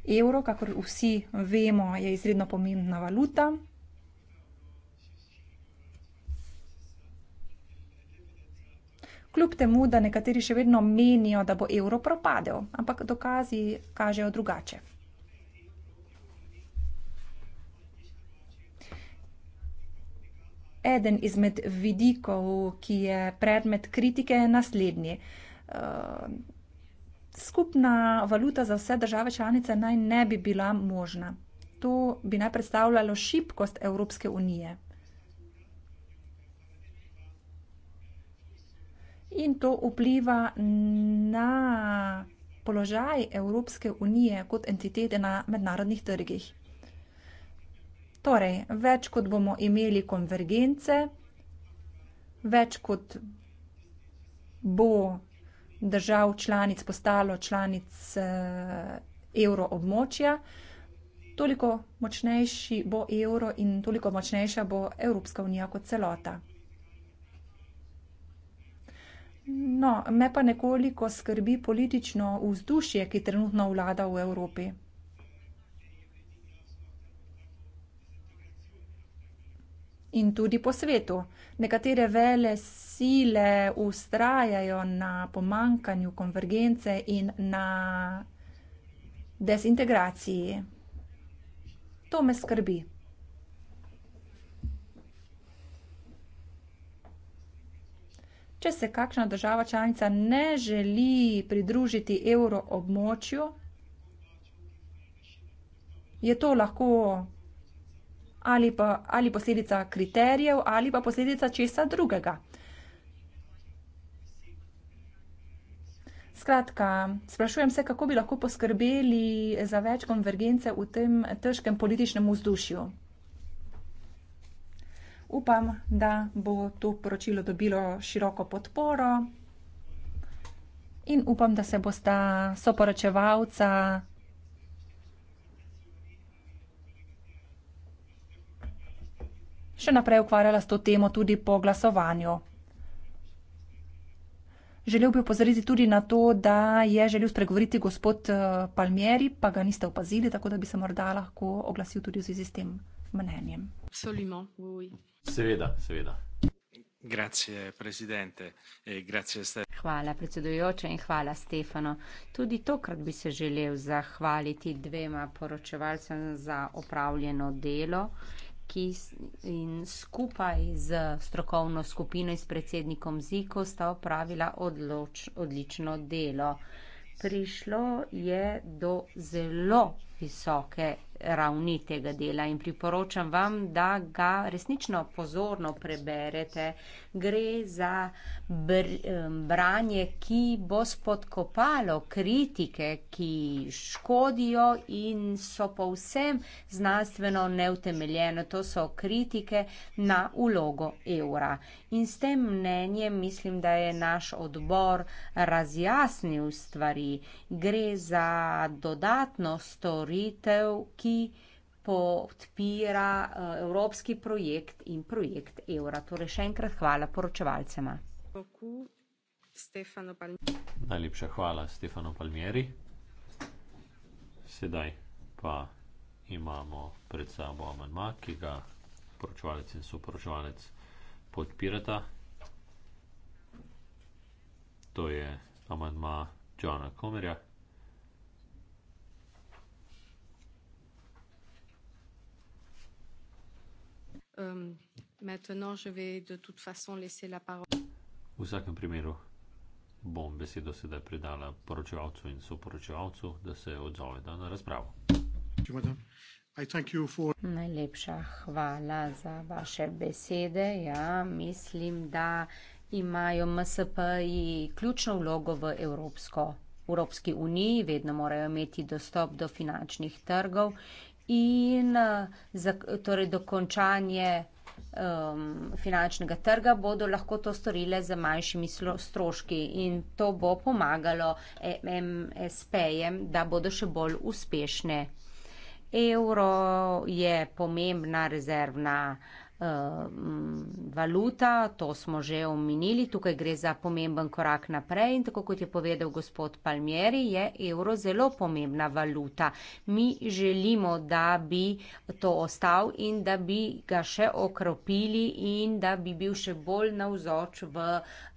Evro, kakor vsi vemo, je izredno pomembna valuta. Kljub temu, da nekateri še vedno menijo, da bo evro propadel, ampak dokazi kažejo drugače. Eden izmed vidikov, ki je predmet kritike, je naslednji skupna valuta za vse države članice naj ne bi bila možna. To bi naj predstavljalo šibkost Evropske unije. In to vpliva na položaj Evropske unije kot entitete na mednarodnih trgih. Torej, več kot bomo imeli konvergence, več kot bo držav članic postalo članic eh, evroobmočja, toliko močnejši bo evro in toliko močnejša bo Evropska unija kot celota. No, me pa nekoliko skrbi politično vzdušje, ki trenutno vlada v Evropi. in tudi po svetu. Nekatere vele sile ustrajajo na pomankanju konvergence in na desintegraciji. To me skrbi. Če se kakšna država članica ne želi pridružiti evroobmočju, je to lahko ali pa ali posledica kriterijev ali pa posledica česa drugega. Skratka, sprašujem se, kako bi lahko poskrbeli za več konvergence v tem težkem političnem vzdušju. Upam, da bo to poročilo dobilo široko podporo in upam, da se bosta soporočevalca. še naprej ukvarjala s to temo tudi po glasovanju. Želel bi upozoriti tudi na to, da je želel spregovoriti gospod eh, Palmieri, pa ga niste opazili, tako da bi se morda lahko oglasil tudi v zvezi s tem mnenjem. Absolutno. Seveda, seveda. Grazie, presidente. E grazie, hvala, predsedujoča in hvala, Stefano. Tudi tokrat bi se želel zahvaliti dvema poročevalcem za opravljeno delo ki in skupaj z strokovno skupino in s predsednikom Ziko sta opravila odloč, odlično delo. Prišlo je do zelo visoke ravni tega dela in priporočam vam, da ga resnično pozorno preberete. Gre za br branje, ki bo spodkopalo kritike, ki škodijo in so povsem znanstveno neutemeljene. To so kritike na ulogo evra. In s tem mnenjem mislim, da je naš odbor razjasnil stvari. Gre za dodatno storitev, ki ki podpira eh, evropski projekt in projekt evra. Torej še enkrat hvala poročevalcema. Najlepša hvala Stefano Palmieri. Sedaj pa imamo pred sabo amanma, ki ga poročevalec in soporočevalec podpirata. To je amandma Johna Komerja. Euh, maintenant je vais de toute façon laisser la parole. V vsakem primeru bom besedo sedaj predala poročevalcu in soporočevalcu, da se odzoveda na razpravo. For... Najlepša hvala za vaše besede. Ja, mislim, da imajo MSP-ji ključno vlogo v Evropsko. Evropski uniji vedno morajo imeti dostop do finančnih trgov in eh, za, torej dokončanje um, finančnega trga bodo lahko to storile z manjšimi stroški in to bo pomagalo MSP-jem, da bodo še bolj uspešne. Euro je pomembna rezervna valuta, to smo že omenili, tukaj gre za pomemben korak naprej in tako kot je povedal gospod Palmieri, je evro zelo pomembna valuta. Mi želimo, da bi to ostal in da bi ga še okropili in da bi bil še bolj navzoč v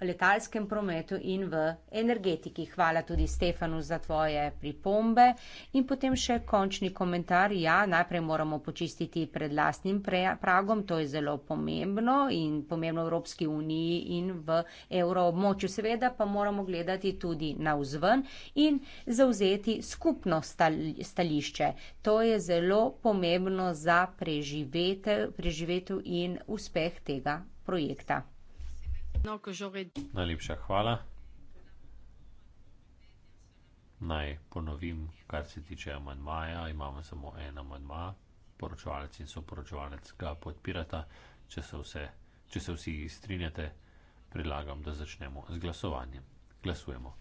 letalskem prometu in v energetiki. Hvala tudi Stefanu za tvoje pripombe in potem še končni komentar. Ja, najprej moramo počistiti pred lastnim pragom, to je zelo pomembno in pomembno v Evropski uniji in v evroobmočju. Seveda pa moramo gledati tudi na vzven in zauzeti skupno stališče. To je zelo pomembno za preživetje in uspeh tega projekta. Najlepša hvala. Naj ponovim, kar se tiče amandmaja, imamo samo en amandma poročevalec in soporočevalec ga podpirata. Če se, vse, če se vsi strinjate, predlagam, da začnemo z glasovanjem. Glasujemo.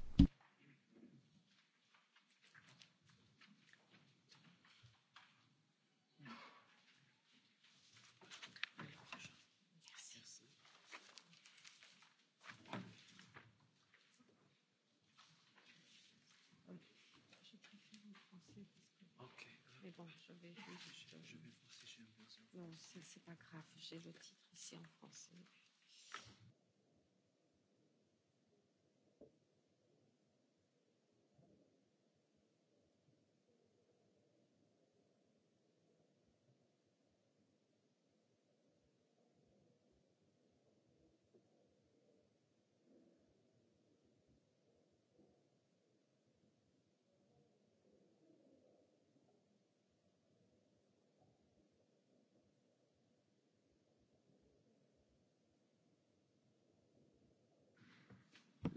Okay je vais vous citer un peu. Non, ça c'est pas grave, j'ai le titre ici en français.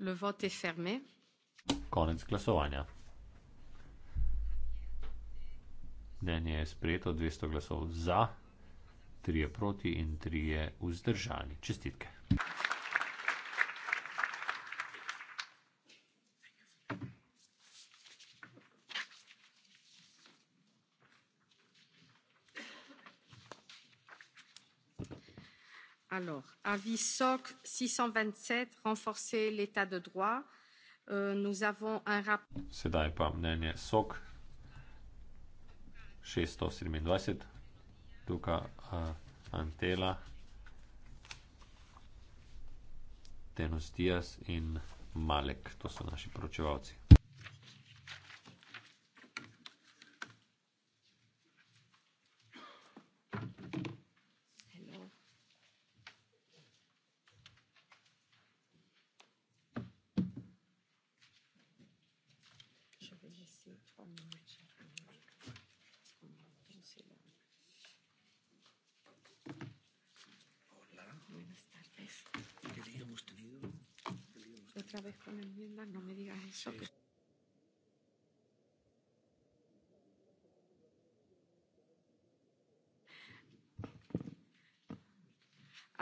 Le vote est fermé. Konec glasovanja. Mnenje je sprejeto 200 glasov za, 3 proti in 3 vzdržani. Čestitke. Alors, avis SOC 627, renforcer l'état de droit. Euh, nous avons un rapport. C'est d'ailleurs pas un dernier SOC 627. Donc, euh, un tel. Denos Diaz in Malek, to so naši poročevalci.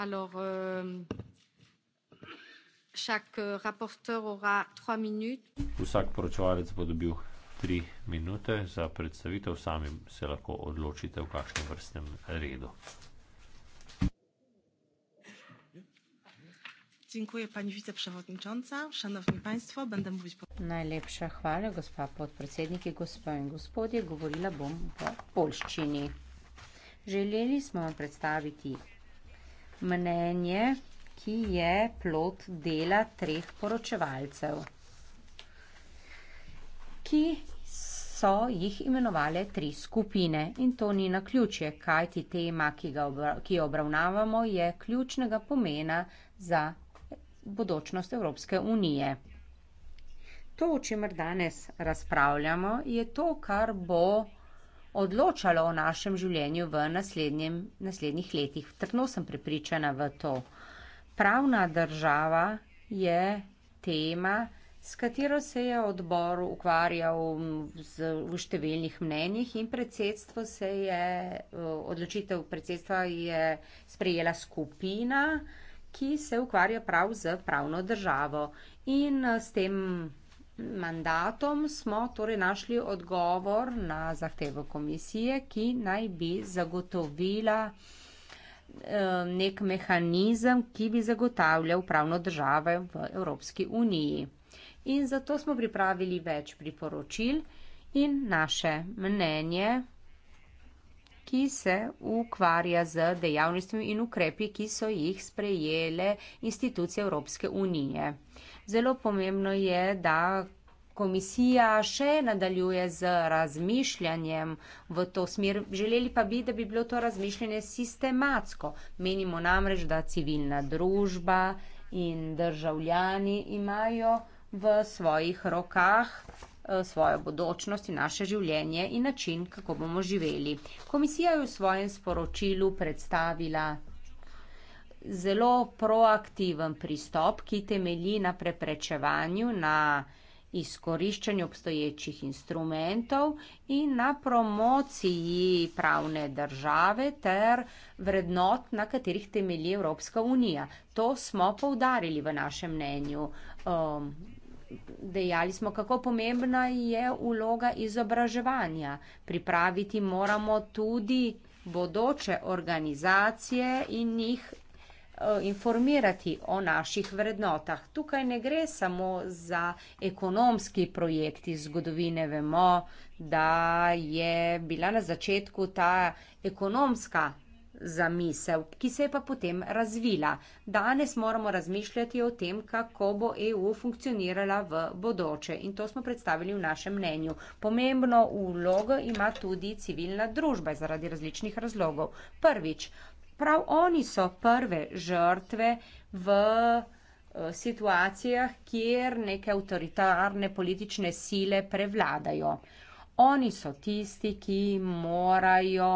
Alors, euh, chaque euh, rapporteur aura trois minutes. Vsak poročevalec bo dobil tri minute za predstavitev, sami se lahko odločite, v kakšnem vrstnem redu. Najlepša hvala, gospa podpredsednika, gospa in gospodje. Govorila bom v polščini. Želeli smo vam predstaviti mnenje, ki je plot dela treh poročevalcev, ki so jih imenovali tri skupine. In to ni na ključje, kajti tema, ki, ga, ki jo obravnavamo, je ključnega pomena za bodočnost Evropske unije. To, o čemer danes razpravljamo, je to, kar bo odločalo o našem življenju v naslednjih letih. Trdno sem prepričana v to. Pravna država je tema, s katero se je odbor ukvarjal v številnih mnenjih in predsedstvo se je, odločitev predsedstva je sprejela skupina, ki se ukvarja prav z pravno državo in s tem mandatom smo torej našli odgovor na zahtevo komisije, ki naj bi zagotovila eh, nek mehanizem, ki bi zagotavljal pravno države v Evropski uniji. In zato smo pripravili več priporočil in naše mnenje, ki se ukvarja z dejavnostmi in ukrepi, ki so jih sprejele institucije Evropske unije. Zelo pomembno je, da komisija še nadaljuje z razmišljanjem v to smer. Želeli pa bi, da bi bilo to razmišljanje sistematsko. Menimo namreč, da civilna družba in državljani imajo v svojih rokah eh, svojo bodočnost in naše življenje in način, kako bomo živeli. Komisija je v svojem sporočilu predstavila zelo proaktiven pristop, ki temelji na preprečevanju, na izkoriščanju obstoječih instrumentov in na promociji pravne države ter vrednot, na katerih temelji Evropska unija. To smo poudarili v našem mnenju. Um, Dejali smo, kako pomembna je uloga izobraževanja. Pripraviti moramo tudi bodoče organizacije in jih Eh, informirati o naših vrednotah. Tukaj ne gre samo za ekonomski projekt iz zgodovine. Vemo, da je bila na začetku ta ekonomska zamisel, ki se je pa potem razvila. Danes moramo razmišljati o tem, kako bo EU funkcionirala v bodoče in to smo predstavili v našem mnenju. Pomembno vlogo ima tudi civilna družba zaradi različnih razlogov. Prvič, prav oni so prve žrtve v eh, situacijah, kjer neke avtoritarne politične sile prevladajo. Oni so tisti, ki morajo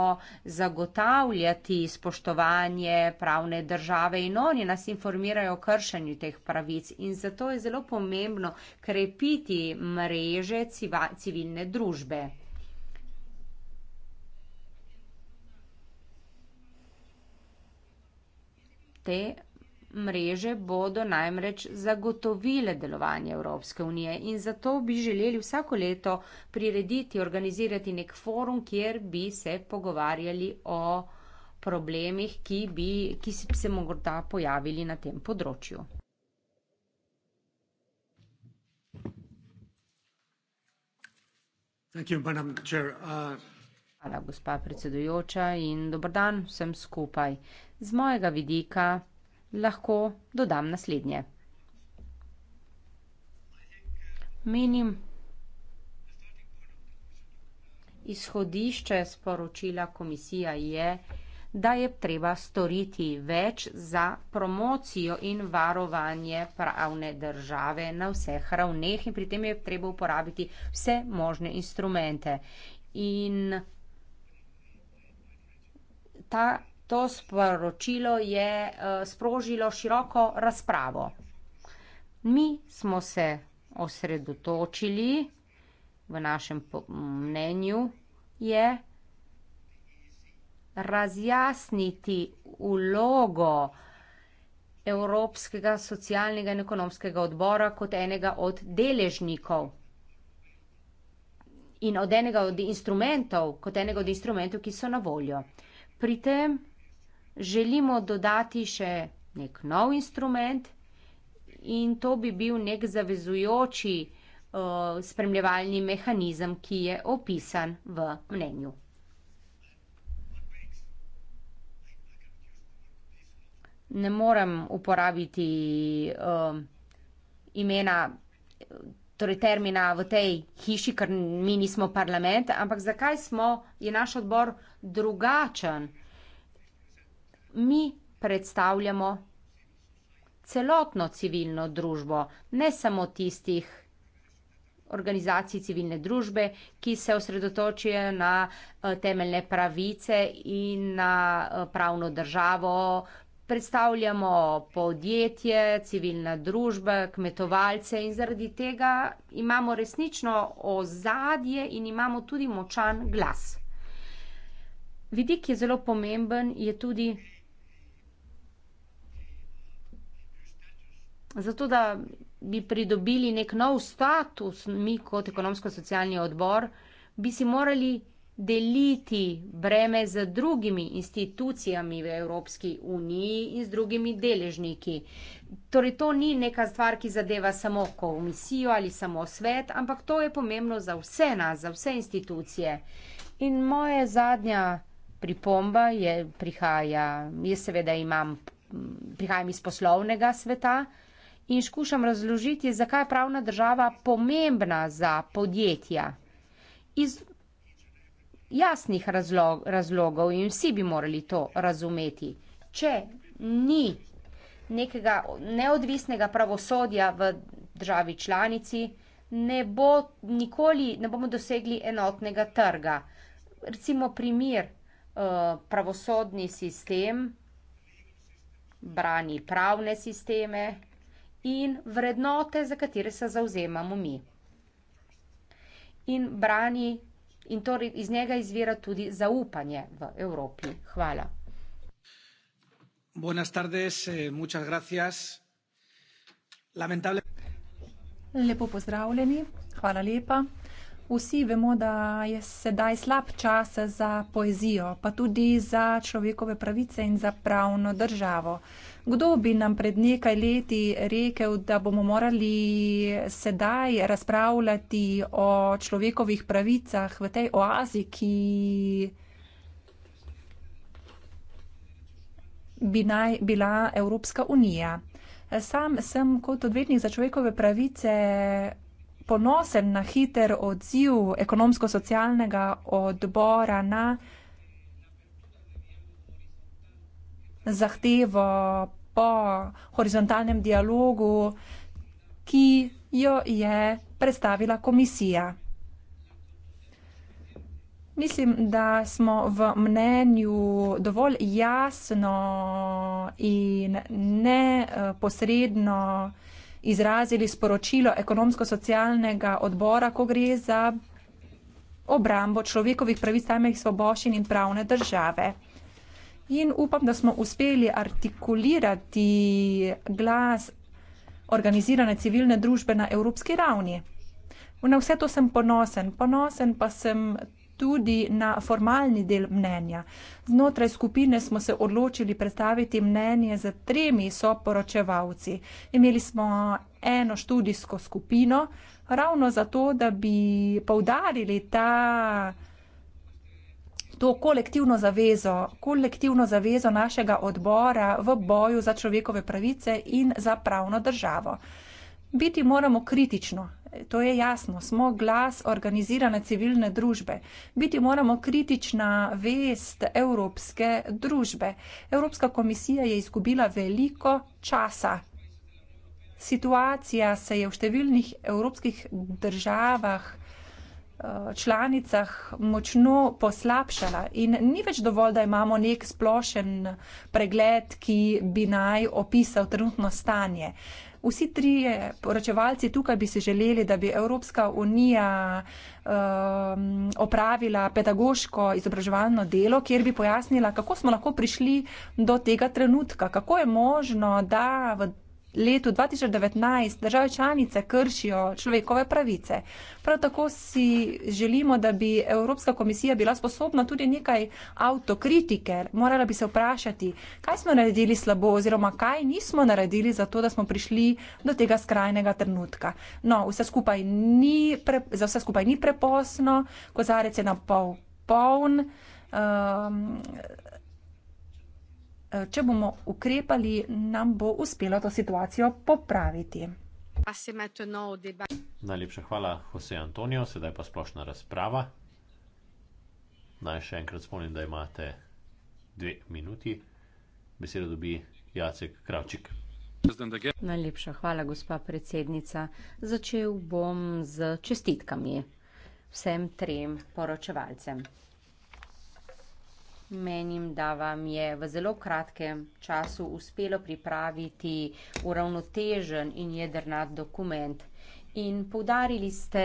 zagotavljati spoštovanje pravne države in oni nas informirajo o kršenju teh pravic. In zato je zelo pomembno krepiti mreže civilne družbe. te mreže bodo namreč zagotovile delovanje Evropske unije in zato bi želeli vsako leto prirediti, organizirati nek forum, kjer bi se pogovarjali o problemih, ki, bi, ki si se morda pojavili na tem področju. Thank you, Madam Chair. Uh, Hvala, gospa predsedujoča in dobr dan vsem skupaj. Z mojega vidika lahko dodam naslednje. Menim, izhodišče sporočila komisija je, da je treba storiti več za promocijo in varovanje pravne države na vseh ravneh in pri tem je treba uporabiti vse možne instrumente. In ta, to sporočilo je uh, sprožilo široko razpravo. Mi smo se osredotočili, v našem mnenju je razjasniti ulogo Evropskega socialnega in ekonomskega odbora kot enega od deležnikov in od enega od instrumentov, kot enega od instrumentov, ki so na voljo. Pri tem želimo dodati še nek nov instrument in to bi bil nek zavezujoči uh, spremljevalni mehanizem, ki je opisan v mnenju. Ne morem uporabiti uh, imena torej termina v tej hiši, ker mi nismo parlament, ampak zakaj smo, je naš odbor drugačen? Mi predstavljamo celotno civilno družbo, ne samo tistih organizacij civilne družbe, ki se osredotočijo na eh, temeljne pravice in na eh, pravno državo, predstavljamo podjetje, civilna družba, kmetovalce in zaradi tega imamo resnično ozadje in imamo tudi močan glas. Vidik je zelo pomemben, je tudi zato, da bi pridobili nek nov status, mi kot ekonomsko-socialni odbor, bi si morali deliti breme z drugimi institucijami v Evropski uniji in z drugimi deležniki. Torej, to ni neka stvar, ki zadeva samo komisijo ali samo svet, ampak to je pomembno za vse nas, za vse institucije. In moja zadnja pripomba je, prihaja, jaz seveda imam, prihajam iz poslovnega sveta in skušam razložiti, zakaj je pravna država pomembna za podjetja. Iz jasnih razlog, razlogov in vsi bi morali to razumeti. Če ni nekega neodvisnega pravosodja v državi članici, ne, bo nikoli, ne bomo dosegli enotnega trga. Recimo primer eh, pravosodni sistem brani pravne sisteme in vrednote, za katere se zauzemamo mi. In brani in torej iz njega izvira tudi zaupanje v Evropi. Hvala. Buenas tardes, eh, muchas gracias. Lamentable... Lepo pozdravljeni, hvala lepa. Vsi vemo, da je sedaj slab čas za poezijo, pa tudi za človekove pravice in za pravno državo. Kdo bi nam pred nekaj leti rekel, da bomo morali sedaj razpravljati o človekovih pravicah v tej oazi, ki bi naj bila Evropska unija? Sam sem kot odvetnik za človekove pravice ponosen na hiter odziv ekonomsko-socialnega odbora na zahtevo po horizontalnem dialogu, ki jo je predstavila komisija. Mislim, da smo v mnenju dovolj jasno in neposredno izrazili sporočilo ekonomsko-socialnega odbora, ko gre za obrambo človekovih pravic, temeljih svoboščin in pravne države in upam, da smo uspeli artikulirati glas organizirane civilne družbe na evropski ravni. Na vse to sem ponosen. Ponosen pa sem tudi na formalni del mnenja. Znotraj skupine smo se odločili predstaviti mnenje z tremi soporočevalci. Imeli smo eno študijsko skupino, ravno zato, da bi povdarili ta to kolektivno zavezo, kolektivno zavezo našega odbora v boju za človekove pravice in za pravno državo. Biti moramo kritično, to je jasno, smo glas organizirane civilne družbe. Biti moramo kritična vest evropske družbe. Evropska komisija je izgubila veliko časa. Situacija se je v številnih evropskih državah Eh, članicah močno poslabšala in ni več dovolj, da imamo nek splošen pregled, ki bi naj opisal trenutno stanje. Vsi trije poročevalci tukaj bi si želeli, da bi Evropska unija um, opravila pedagoško izobraževalno delo, kjer bi pojasnila, kako smo lahko prišli do tega trenutka, kako je možno, da v letu 2019 države članice kršijo človekove pravice. Prav tako si želimo, da bi Evropska komisija bila sposobna tudi nekaj avtokritike. Morala bi se vprašati, kaj smo naredili slabo oziroma kaj nismo naredili za to, da smo prišli do tega skrajnega trenutka. No, vse ni, za vse skupaj ni preposno, kozarec je na pol poln. Um, ehm, Eh, če bomo ukrepali, nam bo uspelo to situacijo popraviti. Najlepša hvala, Jose Antonijo, sedaj pa splošna razprava. Naj še enkrat spomnim, da imate dve minuti. Besedo dobi Jacek Kravčik. Najlepša hvala, gospa predsednica. Začel bom z čestitkami vsem trem poročevalcem. Menim, da vam je v zelo kratkem času uspelo pripraviti uravnotežen in jedrnat dokument. In poudarili ste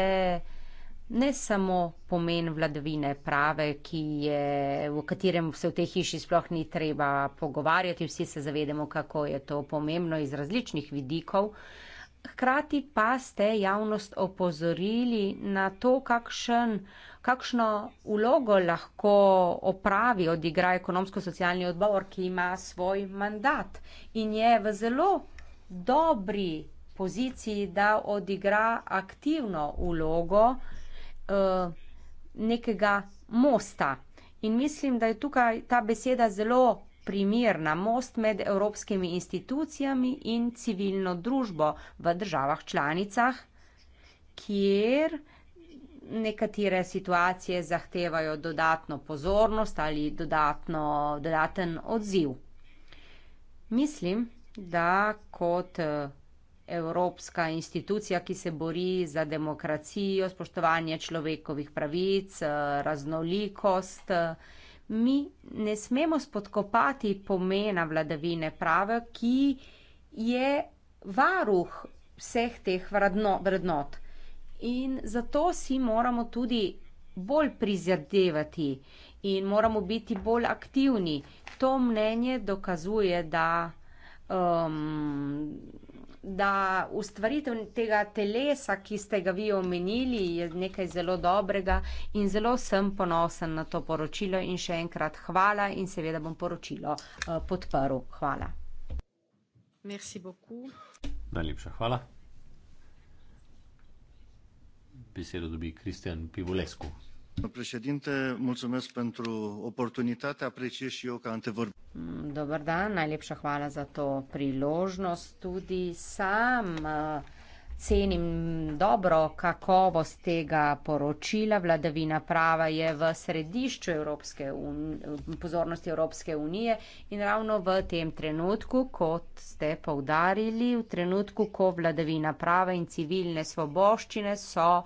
ne samo pomen vladavine prave, je, v katerem se v tej hiši sploh ni treba pogovarjati, vsi se zavedamo, kako je to pomembno iz različnih vidikov hkrati pa ste javnost opozorili na to, kakšen, kakšno vlogo lahko opravi, odigra ekonomsko-socialni odbor, ki ima svoj mandat in je v zelo dobri poziciji, da odigra aktivno vlogo eh, nekega mosta. In mislim, da je tukaj ta beseda zelo primerna most med evropskimi institucijami in civilno družbo v državah članicah, kjer nekatere situacije zahtevajo dodatno pozornost ali dodatno, dodaten odziv. Mislim, da kot evropska institucija, ki se bori za demokracijo, spoštovanje človekovih pravic, raznolikost, mi ne smemo spodkopati pomena vladavine prava, ki je varuh vseh teh vrednot. In zato si moramo tudi bolj prizadevati in moramo biti bolj aktivni. To mnenje dokazuje, da um, da ustvaritev tega telesa, ki ste ga vi omenili, je nekaj zelo dobrega in zelo sem ponosen na to poročilo in še enkrat hvala in seveda bom poročilo uh, podprl. Hvala. Merci beaucoup. Najlepša hvala. Besedo dobi Kristjan Pivolesko. Doamnă președinte, mulțumesc pentru oportunitate, apreciez și eu ca antevorb. Mm, Dobar dan, najlepša hvala za to priložnost. Tudi sam eh, cenim dobro kakovost tega poročila. Vladavina prava je v središču Evropske un... pozornosti Evropske unije in ravno v tem trenutku, kot ste poudarili, v trenutku, ko vladavina prava in civilne svoboščine so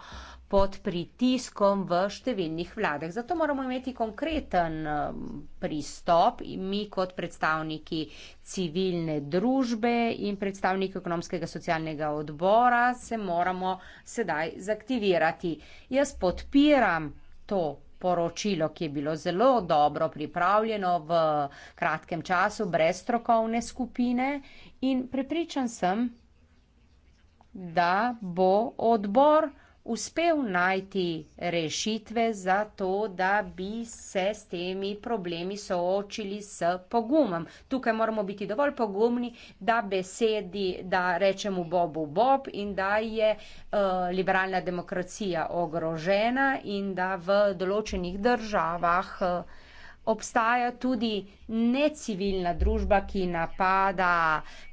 pod pritiskom v številnih vladah. Zato moramo imeti konkreten um, pristop in mi kot predstavniki civilne družbe in predstavniki ekonomskega socialnega odbora se moramo sedaj zaktivirati. Jaz podpiram to poročilo, ki je bilo zelo dobro pripravljeno v kratkem času brez strokovne skupine in prepričan sem, da bo odbor uspel najti rešitve za to, da bi se s temi problemi soočili s pogumom. Tukaj moramo biti dovolj pogumni, da besedi, da rečemo Bobu Bob in da je uh, liberalna demokracija ogrožena in da v določenih državah uh, obstaja tudi necivilna družba, ki napada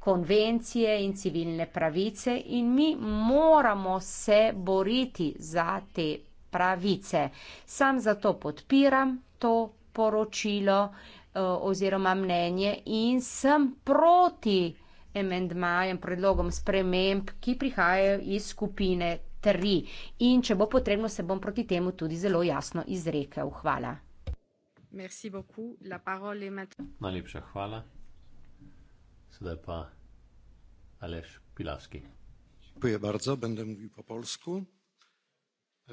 konvencije in civilne pravice in mi moramo se boriti za te pravice. Sam zato podpiram to poročilo eh, oziroma mnenje in sem proti emendmajem, predlogom sprememb, ki prihajajo iz skupine tri. In če bo potrebno, se bom proti temu tudi zelo jasno izrekel. Hvala. Merci beaucoup. La parole est maintenant. Najlepša hvala. Sedaj pa Aleš Pilavski. Dziękuję bardzo. Będę mówił po polsku. E...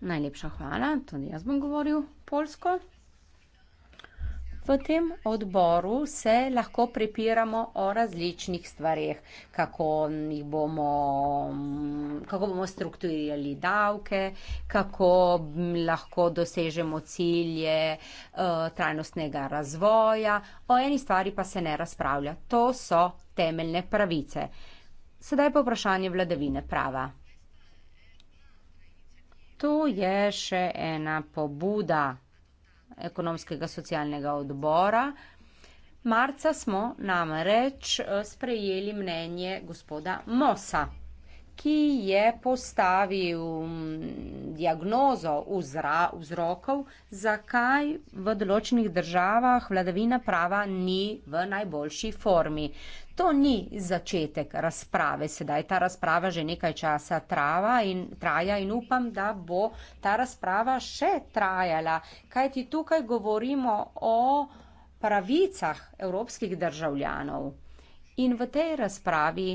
Najlepša hvala. Tudi jaz bom govoril polsko. V tem odboru se lahko prepiramo o različnih stvarih, kako bomo, kako bomo strukturirali davke, kako lahko dosežemo cilje eh, trajnostnega razvoja. O eni stvari pa se ne razpravlja. To so temeljne pravice. Sedaj pa vprašanje vladavine prava. Tu je še ena pobuda ekonomskega socialnega odbora. Marca smo namreč eh, sprejeli mnenje gospoda Mosa ki je postavil mm, diagnozo vzrokov, zakaj v določenih državah vladavina prava ni v najboljši formi. To ni začetek razprave, sedaj ta razprava že nekaj časa in, traja in upam, da bo ta razprava še trajala, kaj ti tukaj govorimo o pravicah evropskih državljanov. In v tej razpravi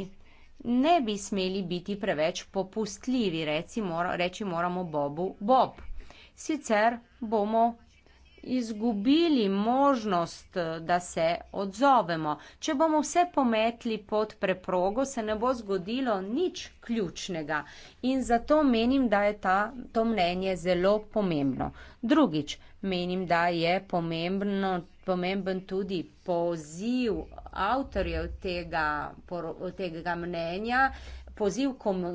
ne bi smeli biti preveč popustljivi, recimo, reči moramo Bobu Bob. Sicer bomo izgubili možnost, da se odzovemo. Če bomo vse pometli pod preprogo, se ne bo zgodilo nič ključnega. In zato menim, da je ta, to mnenje zelo pomembno. Drugič, menim, da je pomembno, pomemben tudi poziv avtorjev tega, tega mnenja, poziv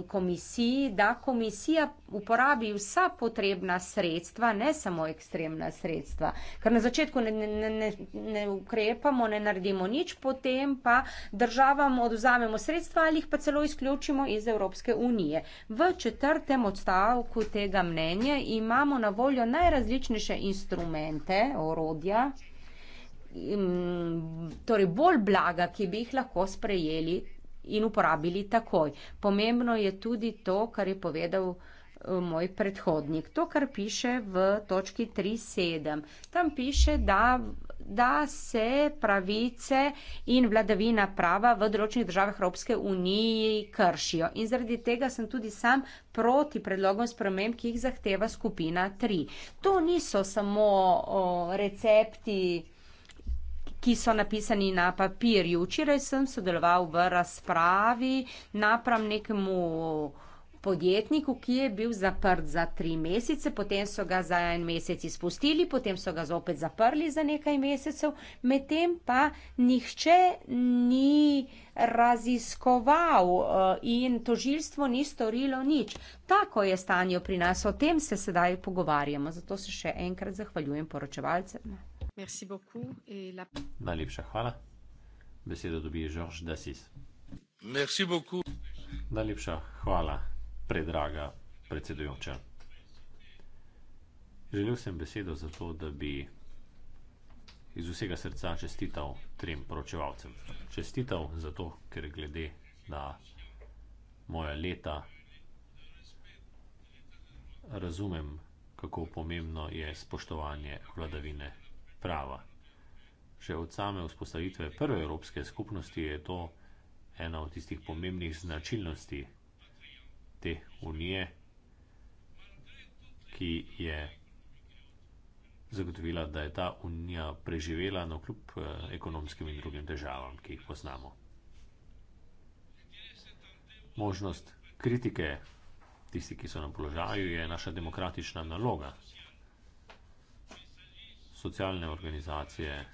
komisiji, da komisija uporabi vsa potrebna sredstva, ne samo ekstremna sredstva. Ker na začetku ne, ne, ne, ne ukrepamo, ne naredimo nič, potem pa državam oduzamemo sredstva ali jih pa celo izključimo iz Evropske unije. V četrtem odstavku tega mnenja imamo na voljo najrazličnejše instrumente, orodja. Torej, bolj blaga, ki bi jih lahko sprejeli in uporabili takoj. Pomembno je tudi to, kar je povedal eh, moj predhodnik. To, kar piše v točki 3.7. Tam piše, da, da se pravice in vladavina prava v določenih državah Evropske unije kršijo. In zaradi tega sem tudi sam proti predlogom sprememb, ki jih zahteva skupina 3. To niso samo o, recepti ki so napisani na papirju. Včeraj sem sodeloval v razpravi napram nekemu podjetniku, ki je bil zaprt za tri mesece, potem so ga za en mesec izpustili, potem so ga zopet zaprli za nekaj mesecev, medtem pa nihče ni raziskoval eh, in tožilstvo ni storilo nič. Tako je stanje pri nas, o tem se sedaj pogovarjamo, zato se še enkrat zahvaljujem poročevalcem. Najlepša hvala. Besedo dobi Žorž Dasis. Najlepša hvala, predraga predsedujoča. Želel sem besedo zato, da bi iz vsega srca čestital trem poročevalcem. Čestital zato, ker glede na moja leta razumem, kako pomembno je spoštovanje vladavine prava prava. Že od same vzpostavitve prve evropske skupnosti je to ena od tistih pomembnih značilnosti te unije, ki je zagotovila, da je ta unija preživela na kljub eh, ekonomskim in drugim težavam, ki jih poznamo. Možnost kritike tisti, ki so na položaju, je naša demokratična naloga socialne organizacije,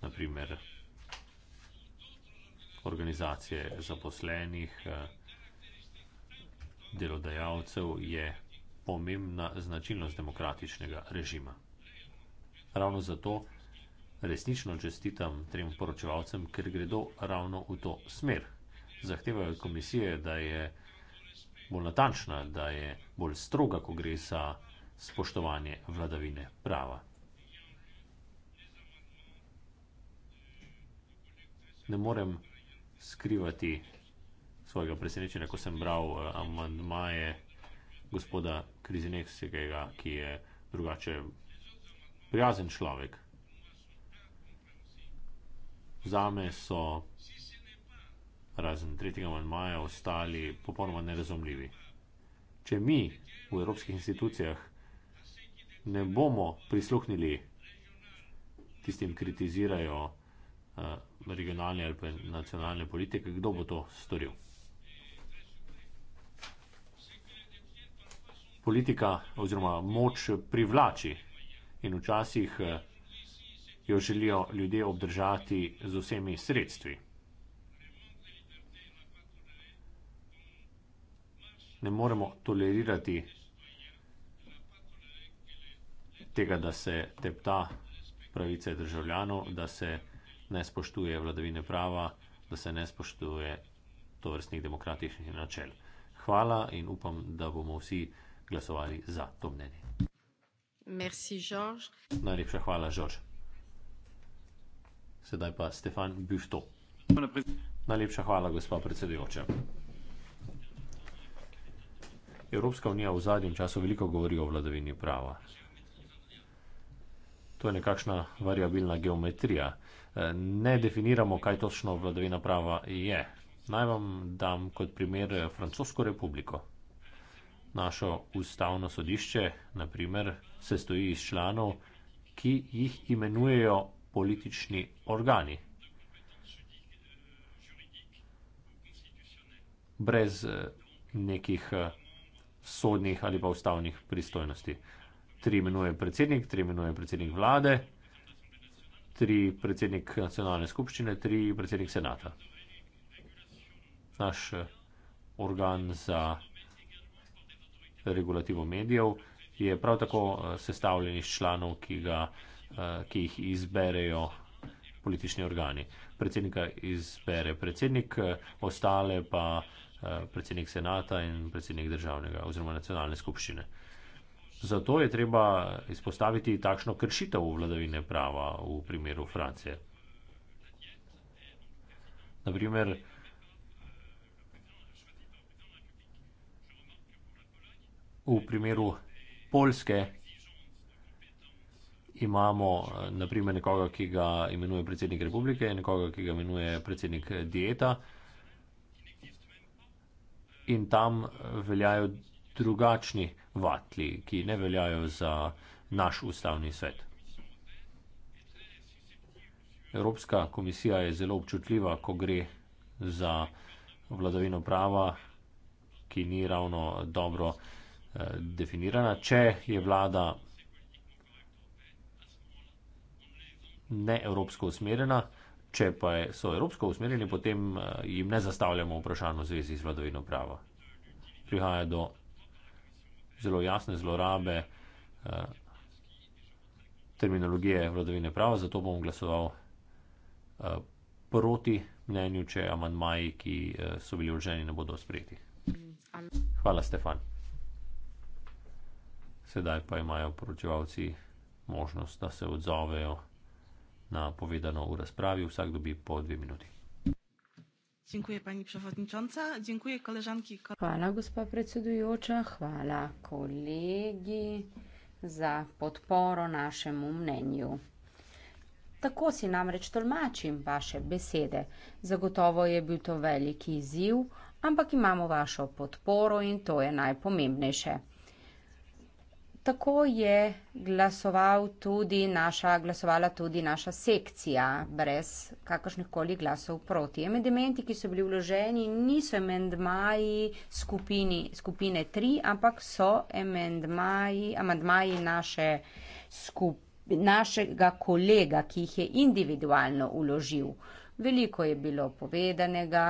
naprimer organizacije zaposlenih, eh, delodajalcev, je pomembna značilnost demokratičnega režima. Ravno zato resnično čestitam trem poročevalcem, ker gredo ravno v to smer. Zahtevajo komisije, da je bolj natančna, da je bolj stroga, ko gre za spoštovanje vladavine prava. ne morem skrivati svojega presenečenja, ko sem bral uh, amandmaje gospoda Krizineksega, ki je drugače prijazen človek. Zame so razen tretjega amandmaja ostali popolnoma nerazumljivi. Če mi v evropskih institucijah ne bomo prisluhnili tistim, ki kritizirajo uh, regionalne ali pa nacionalne politike, kdo bo to storil. Politika oziroma moč privlači in včasih eh, jo želijo ljudje obdržati z vsemi sredstvi. Ne moremo tolerirati tega, da se tepta pravice državljanov, da se tepta ne spoštuje vladavine prava, da se ne spoštuje to vrstnih demokratičnih načel. Hvala in upam, da bomo vsi glasovali za to mnenje. Merci, Najlepša hvala, Žorž. Sedaj pa Stefan Büfto. Najlepša hvala, gospod predsedujoča. Evropska unija v zadnjem času veliko govori o vladavini prava. To je nekakšna variabilna geometrija ne definiramo, kaj točno vladavina prava je. Naj vam dam kot primer eh, Francosko republiko. Naše ustavno sodišče, na primer, se stoji iz članov, ki jih imenujejo politični organi. Brez eh, nekih eh, sodnih ali pa ustavnih pristojnosti. Tri imenuje predsednik, tri imenuje predsednik vlade, tri predsednik nacionalne skupščine, tri predsednik senata. Naš eh, organ za regulativo medijev je prav tako eh, sestavljen iz članov, ki, ga, eh, ki jih izberejo politični organi. Predsednika izbere predsednik, ostale pa predsednik senata in predsednik državnega oziroma nacionalne skupščine. Zato je treba izpostaviti takšno kršitev vladavine prava v primeru Francije. Naprimer, v primeru Polske imamo naprimer, nekoga, ki ga imenuje predsednik republike, nekoga, ki ga imenuje predsednik dieta in tam veljajo drugačni vatli, ki ne veljajo za naš ustavni svet. Evropska komisija je zelo občutljiva, ko gre za vladavino prava, ki ni ravno dobro eh, definirana. Če je vlada neevropsko usmerjena, če pa je, so evropsko usmerjeni, potem eh, jim ne zastavljamo vprašanj v zvezi z vladavino prava. Prihaja do zelo jasne zlorabe uh, terminologije vladavine prava, zato bom glasoval uh, proti mnenju, če amantmaji, ki uh, so bili vrženi, ne bodo sprejeti. Hvala, Stefan. Sedaj pa imajo poročevalci možnost, da se odzovejo na povedano v razpravi. Vsak dobi po dve minuti. Dziękuję pani przewodnicząca, dziękuję koleżanki i koleżanki. Hvala gospa predsedujoča, hvala kolegi za podporo našemu mnenju. Tako si namreč tolmačim vaše besede. Zagotovo je bil to veliki izziv, ampak imamo vašo podporo in to je najpomembnejše. Tako je glasoval tudi naša, glasovala tudi naša sekcija, brez kakršnih koli glasov proti. Amendementi, ki so bili vloženi, niso amendmaji skupini, skupine 3, ampak so amendmaji naše skup, našega kolega, ki jih je individualno uložil. Veliko je bilo povedanega,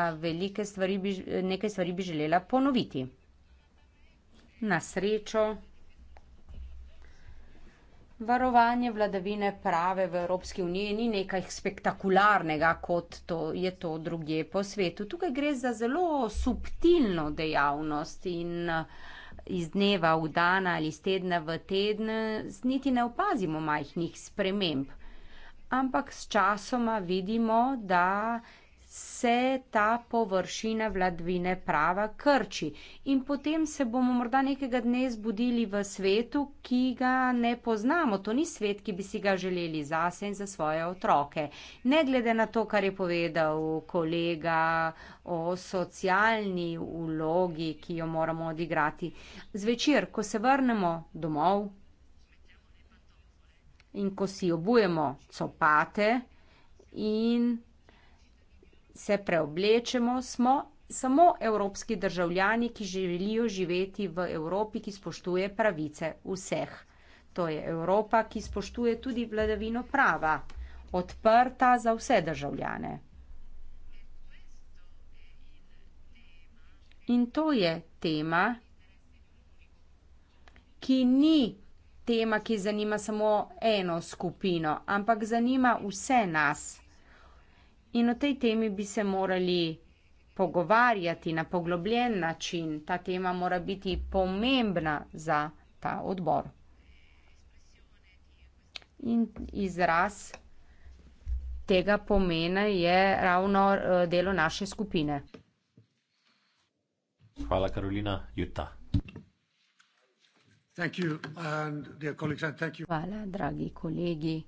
stvari bi, nekaj stvari bi želela ponoviti. Na srečo. Varovanje vladavine prave v Evropski uniji ni nekaj spektakularnega, kot to je to druge po svetu. Tukaj gre za zelo subtilno dejavnost in eh, iz dneva v dan ali iz tedna v teden niti ne opazimo majhnih sprememb. Ampak s časoma vidimo, da se ta površina vladvine prava krči. In potem se bomo morda nekega dne zbudili v svetu, ki ga ne poznamo. To ni svet, ki bi si ga želeli zase in za svoje otroke. Ne glede na to, kar je povedal kolega o socialni ulogi, ki jo moramo odigrati. Zvečer, ko se vrnemo domov in ko si obujemo copate in se preoblečemo, smo samo evropski državljani, ki želijo živeti v Evropi, ki spoštuje pravice vseh. To je Evropa, ki spoštuje tudi vladavino prava, odprta za vse državljane. In to je tema, ki ni tema, ki zanima samo eno skupino, ampak zanima vse nas in o tej temi bi se morali pogovarjati na poglobljen način. Ta tema mora biti pomembna za ta odbor. In izraz tega pomena je ravno eh, delo naše skupine. Hvala, Karolina. Juta. Hvala, dragi kolegi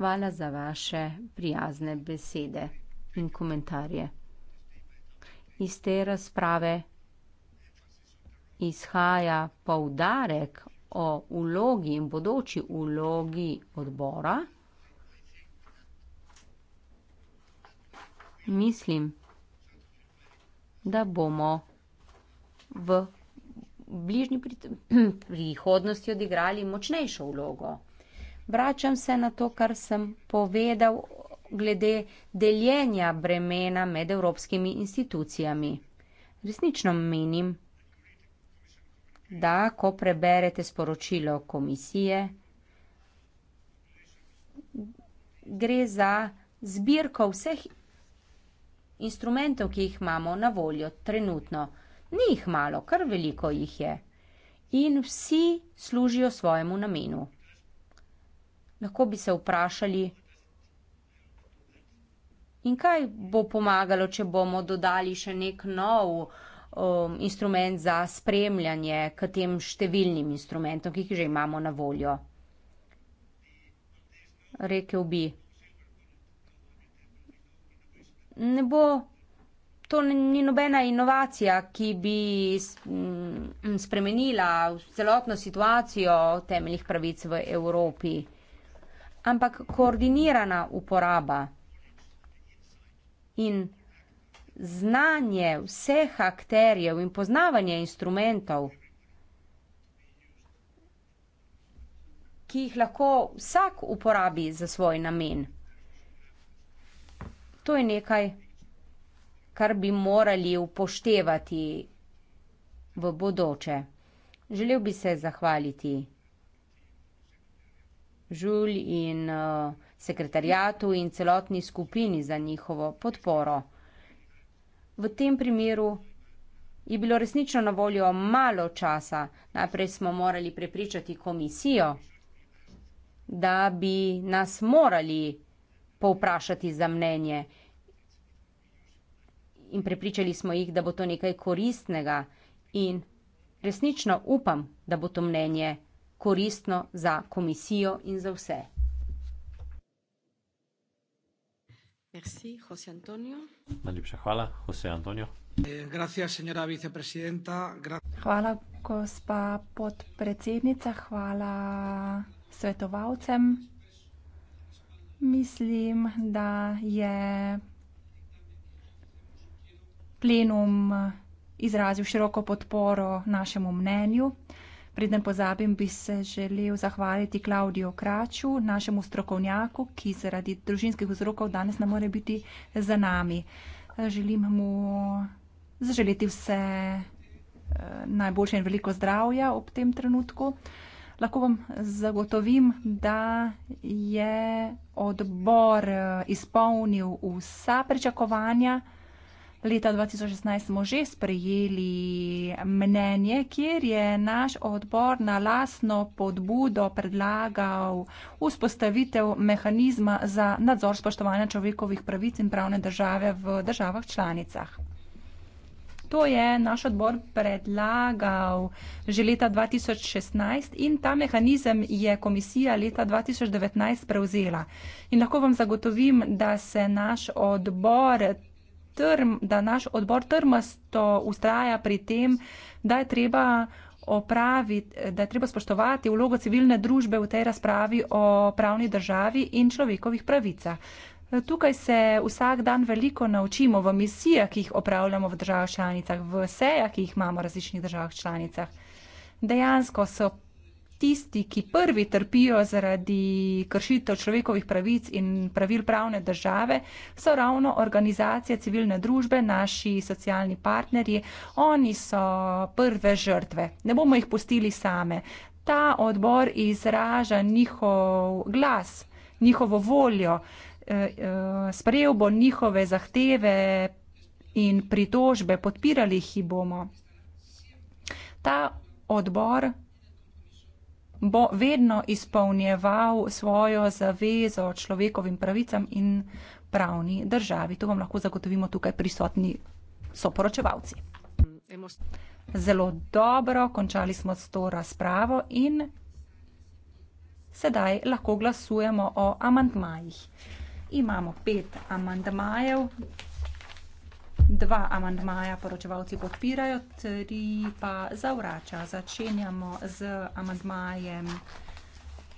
hvala za vaše prijazne besede in komentarje. Iz te razprave izhaja poudarek o vlogi in bodoči vlogi odbora. Mislim, da bomo v bližnji prihodnosti odigrali močnejšo vlogo vračam se na to, kar sem povedal glede deljenja bremena med evropskimi institucijami. Resnično menim, da ko preberete sporočilo komisije, gre za zbirko vseh instrumentov, ki jih imamo na voljo trenutno. Ni jih malo, kar veliko jih je. In vsi služijo svojemu namenu lahko bi se vprašali, in kaj bo pomagalo, če bomo dodali še nek nov um, instrument za spremljanje k tem številnim instrumentom, ki jih že imamo na voljo. Rekl bi, ne bo. To ni nobena inovacija, ki bi mm, spremenila celotno situacijo temeljih pravic v Evropi ampak koordinirana uporaba in znanje vseh akterjev in poznavanje instrumentov, ki jih lahko vsak uporabi za svoj namen. To je nekaj, kar bi morali upoštevati v bodoče. Želel bi se zahvaliti. Žulj in uh, eh, sekretarijatu in celotni skupini za njihovo podporo. V tem primeru je bilo resnično na voljo malo časa. Najprej smo morali prepričati komisijo, da bi nas morali povprašati za mnenje. In prepričali smo jih, da bo to nekaj koristnega. In resnično upam, da bo to mnenje koristno za komisijo in za vse. Merci, José Antonio. Najlepša hvala, José Antonio. Eh, gracias, señora vicepresidenta. Gra hvala, gospa podpredsednica, hvala svetovalcem. Mislim, da je plenum izrazil široko podporo našemu mnenju. Preden pozabim, bi se želel zahvaliti Klaudiju Kraču, našemu strokovnjaku, ki zaradi družinskih vzrokov danes ne more biti z nami. Želim mu zaželiti vse eh, najboljše in veliko zdravja ob tem trenutku. Lahko vam zagotovim, da je odbor eh, izpolnil vsa pričakovanja. Leta 2016 smo že sprejeli mnenje, kjer je naš odbor na lasno podbudo predlagal vzpostavitev mehanizma za nadzor spoštovanja človekovih pravic in pravne države v državah članicah. To je naš odbor predlagal že leta 2016 in ta mehanizem je komisija leta 2019 prevzela. In lahko vam zagotovim, da se naš odbor trm, da naš odbor trmasto ustraja pri tem, da je treba opraviti, da je treba spoštovati vlogo civilne družbe v tej razpravi o pravni državi in človekovih pravicah. Tukaj se vsak dan veliko naučimo v misijah, ki jih opravljamo v državah članicah, v sejah, ki jih imamo v različnih državah članicah. Dejansko so tisti, ki prvi trpijo zaradi kršitev človekovih pravic in pravil pravne države, so ravno organizacije civilne družbe, naši socialni partnerji. Oni so prve žrtve. Ne bomo jih pustili same. Ta odbor izraža njihov glas, njihovo voljo, eh, eh, sprejel bo njihove zahteve in pritožbe, podpirali jih bomo. Ta odbor bo vedno izpolnjeval svojo zavezo človekovim pravicam in pravni državi. To vam lahko zagotovimo tukaj prisotni soporočevalci. Zelo dobro, končali smo s to razpravo in sedaj lahko glasujemo o amantmajih. Imamo pet amantmajev. Dva amandmaja poročevalci podpirajo, tri pa zavrača. Začenjamo z amandmajem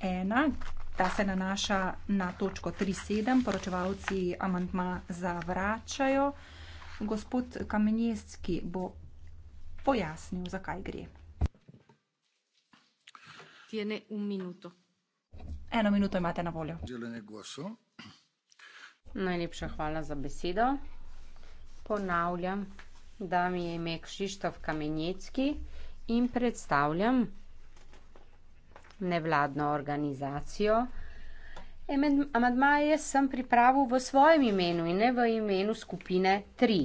ena. Ta se nanaša na točko 3.7. Poročevalci amandma zavračajo. Gospod Kamenjeski bo pojasnil, zakaj gre. Tiene un minuto. Eno minuto imate na voljo. Najlepša hvala za besedo ponavljam, da mi je ime Kšištof Kamenjecki in predstavljam nevladno organizacijo. Amadmaje sem pripravil v svojem imenu in ne v imenu skupine 3.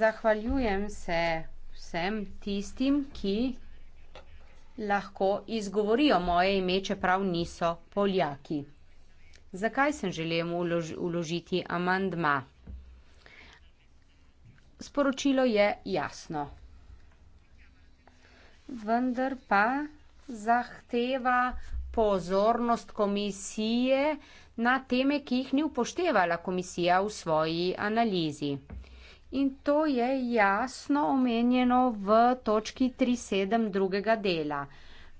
Zahvaljujem se vsem tistim, ki lahko izgovorijo moje ime, čeprav niso Poljaki. Zakaj sem želel vložiti amandma? sporočilo je jasno. Vendar pa zahteva pozornost komisije na teme, ki jih ni upoštevala komisija v svoji analizi. In to je jasno omenjeno v točki 3.7 drugega dela.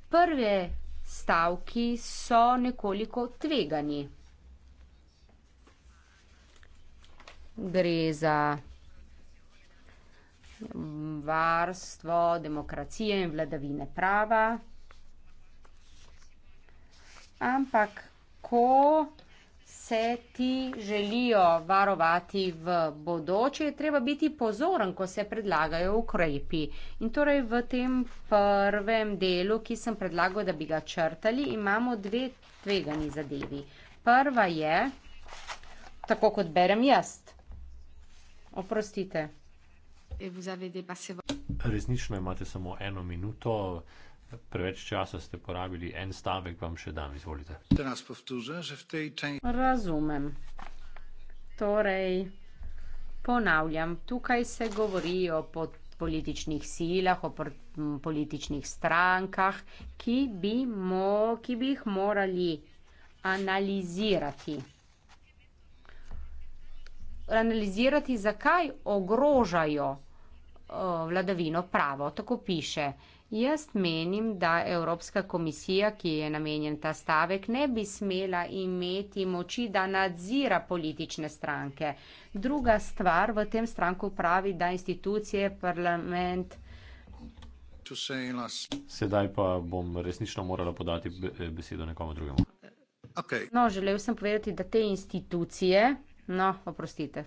Prve stavki so nekoliko tvegani. Gre za varstvo demokracije in vladavine prava. Ampak, ko se ti želijo varovati v bodoče, je treba biti pozoren, ko se predlagajo ukrepi. In torej v tem prvem delu, ki sem predlagal, da bi ga črtali, imamo dve tvegani zadevi. Prva je, tako kot berem jaz, oprostite, Resnično imate samo eno minuto, preveč časa ste porabili, en stavek vam še dam, izvolite. Razumem. Torej, ponavljam, tukaj se govori o političnih silah, o političnih strankah, ki bi, mo, ki bi jih morali analizirati. Analizirati, zakaj ogrožajo vladavino pravo. Tako piše. Jaz menim, da Evropska komisija, ki je namenjen ta stavek, ne bi smela imeti moči, da nadzira politične stranke. Druga stvar v tem stranku pravi, da institucije, parlament. Sedaj pa bom resnično morala podati eh, besedo nekomu drugemu. Okay. No, želel sem povedati, da te institucije, no, oprostite,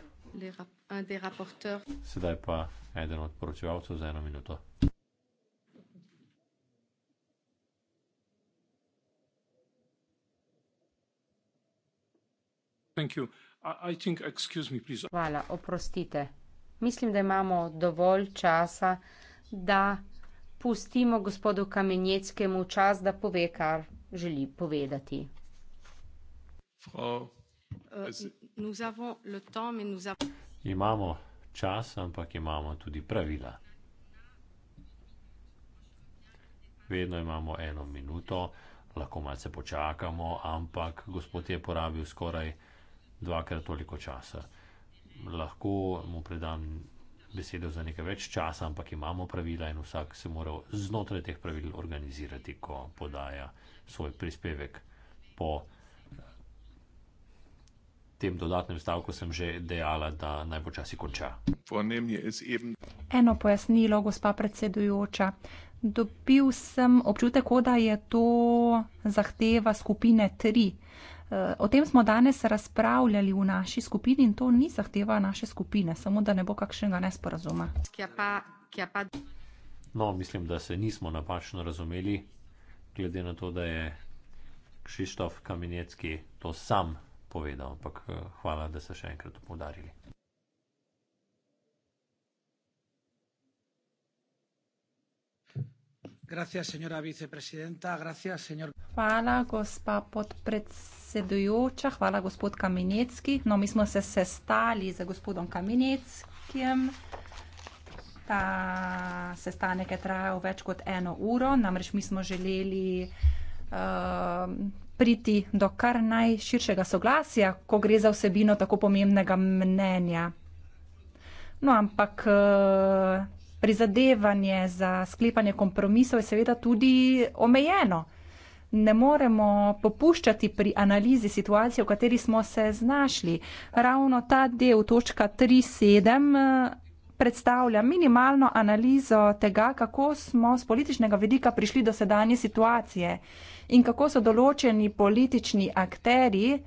Sedaj pa eden od poročevalcev za eno minuto. Hvala, oprostite. Mislim, da imamo dovolj časa, da pustimo gospodu Kamenjeckemu čas, da pove, kar želi povedati. Frau, uh, Imamo čas, ampak imamo tudi pravila. Vedno imamo eno minuto, lahko malce počakamo, ampak gospod je porabil skoraj dvakrat toliko časa. Lahko mu predam besedo za nekaj več časa, ampak imamo pravila in vsak se mora znotraj teh pravil organizirati, ko podaja svoj prispevek po tem dodatnem stavku sem že dejala, da naj bo časi konča. Eno pojasnilo, gospa predsedujoča. Dobil sem občutek, da je to zahteva skupine tri. Eh, o tem smo danes razpravljali v naši skupini in to ni zahteva naše skupine, samo da ne bo kakšnega nesporazuma. No, mislim, da se nismo napačno razumeli, glede na to, da je Krištof Kamenecki to sam povedal, ampak eh, hvala, da ste še enkrat poudarili. Hvala, gospa podpredsedujoča, hvala, gospod Kamenecki. No, mi smo se sestali z gospodom Kamenetskim. Ta sestanek je trajal več kot eno uro, namreč mi smo želeli uh, priti do kar najširšega soglasja, ko gre za vsebino tako pomembnega mnenja. No, ampak eh, prizadevanje za sklepanje kompromisov je seveda tudi omejeno. Ne moremo popuščati pri analizi situacije, v kateri smo se znašli. Ravno ta del, točka 3.7, eh, predstavlja minimalno analizo tega, kako smo z političnega vedika prišli do sedanje situacije in kako so določeni politični akteri,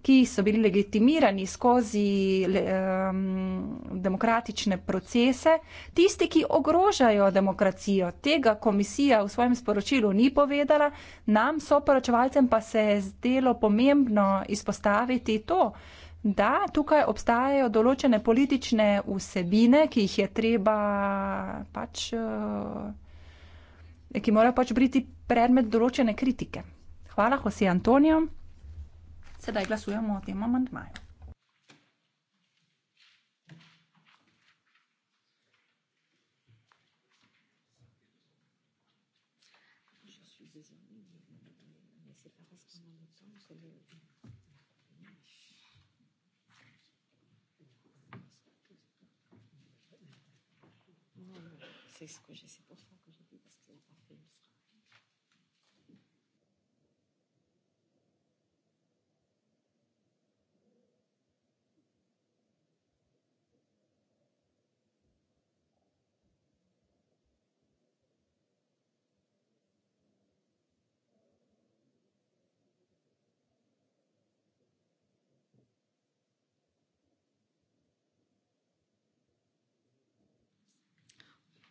ki so bili legitimirani skozi um, demokratične procese, tisti, ki ogrožajo demokracijo. Tega komisija v svojem sporočilu ni povedala, nam so poročevalcem pa se je zdelo pomembno izpostaviti to, da tukaj obstajajo določene politične vsebine, ki jih je treba pač. Uh, Ki morajo pač biti predmet določene kritike. Hvala, Hosej Antonijo. Sedaj glasujemo o tem amantmaju.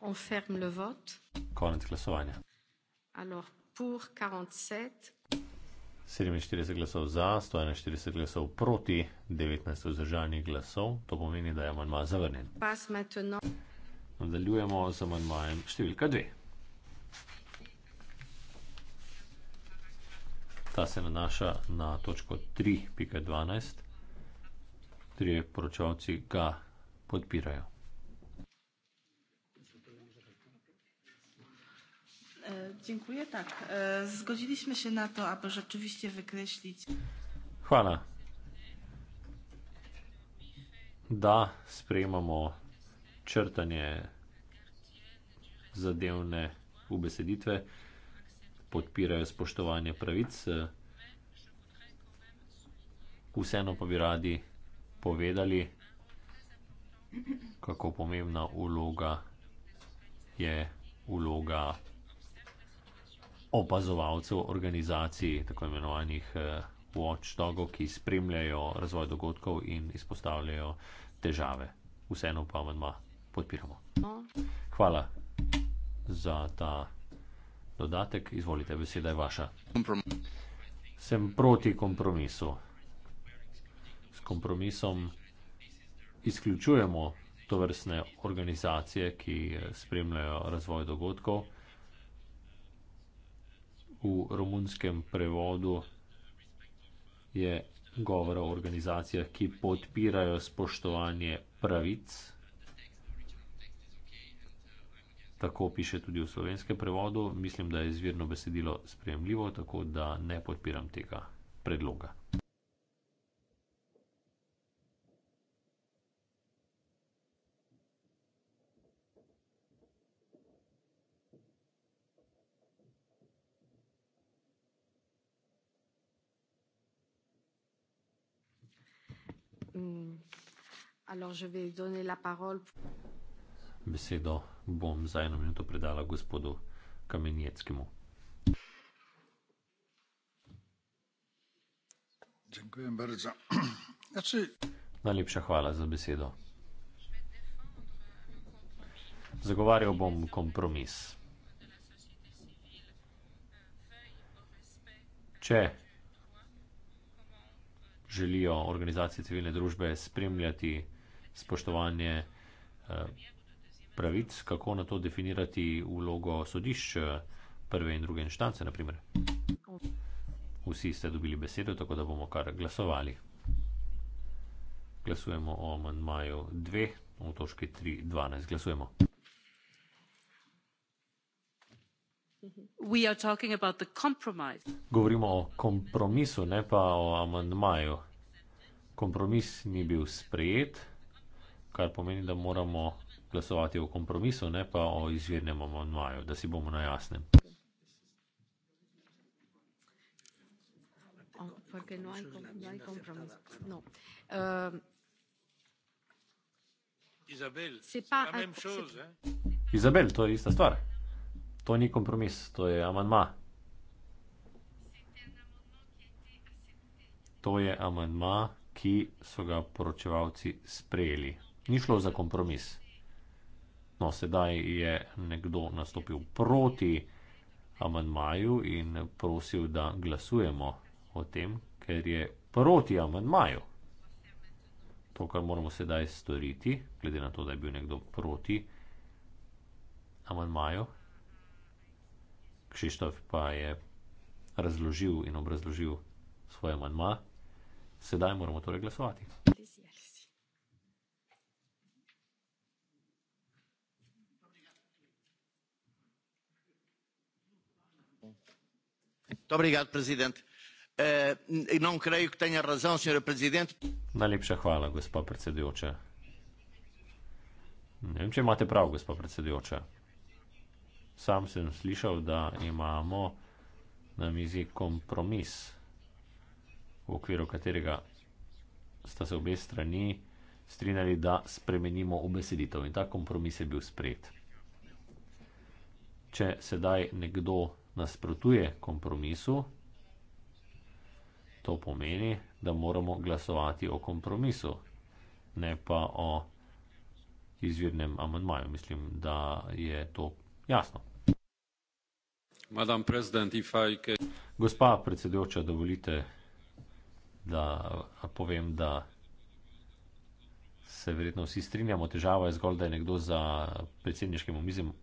on ferme le vote. Konec glasovanja. Alors, pour 47. 47 glasov za, 141 glasov proti, 19 vzdržanih glasov. To pomeni, da je amandma zavrnjen. Nadaljujemo z amandmajem številka 2. Ta se nanaša na točko 3.12. Trije poročavci ga podpirajo. Dziękuję. Tak. E, zgodziliśmy się na to, aby rzeczywiście wykreślić. Hvala. Da, sprejemamo črtanje zadevne ubeseditve, podpirajo spoštovanje pravic. E, vseeno pa bi radi povedali, kako pomembna uloga je uloga opazovalcev organizacij, tako imenovanih eh, watchdogov, ki spremljajo razvoj dogodkov in izpostavljajo težave. Vseeno pa vam podpiramo. Hvala za ta dodatek. Izvolite, beseda je vaša. Sem proti kompromisu. S kompromisom izključujemo to vrstne organizacije, ki eh, spremljajo razvoj dogodkov v romunskem prevodu je govora o organizacijah, ki podpirajo spoštovanje pravic. Tako piše tudi v slovenskem prevodu. Mislim, da je izvirno besedilo sprejemljivo, tako da ne podpiram tega predloga. Alors je vais donner la parole. Besedo bom za eno minuto predala gospodu Kamenjeckemu. Najlepša hvala za besedo. Zagovarjal bom kompromis. Če želijo organizacije civilne družbe spremljati spoštovanje eh, pravic, kako na to definirati vlogo sodišč eh, prve in druge inštance, naprimer. Vsi ste dobili besedo, tako da bomo kar glasovali. Glasujemo o manjmaju 2, v točki 3, 12. Glasujemo. Govorimo o kompromisu, ne pa o amandmaju. Kompromis ni bil sprejet kar pomeni, da moramo glasovati o kompromisu, ne pa o izvirnem amandmaju, da si bomo na jasnem. Oh, porque no hay, no hay compromiso. No. Uh, Isabel, c'est pas la même chose. Hein? Isabel, toi, c'est la histoire. Toi, ni compromis, toi, amendement. C'est un amendement qui a été accepté. Toi, amendement qui, soga, proche, va aussi, ni šlo za kompromis. No, sedaj je nekdo nastopil proti amandmaju in prosil, da glasujemo o tem, ker je proti amandmaju. To, kar moramo sedaj storiti, glede na to, da je bil nekdo proti amandmaju, Kšištof pa je razložil in obrazložil svoj amandma, sedaj moramo torej glasovati. Yeah. Muito obrigado, presidente. Uh, não creio que tenha razão, senhora presidente. Najlepša hvala, gospod predsedujoča. Ne vem, če imate prav, gospod predsedujoča. Sam sem slišal, da imamo na mizi kompromis, v okviru katerega sta se obe strani strinjali, da spremenimo obeseditev in ta kompromis je bil sprejet. Če sedaj nekdo nasprotuje kompromisu, to pomeni, da moramo glasovati o kompromisu, ne pa o izvirnem amandmaju. Mislim, da je to jasno. Gospa predsedujoča, dovolite, da povem, da se verjetno vsi strinjamo. Težava je zgolj, da je nekdo za predsedniškim omizem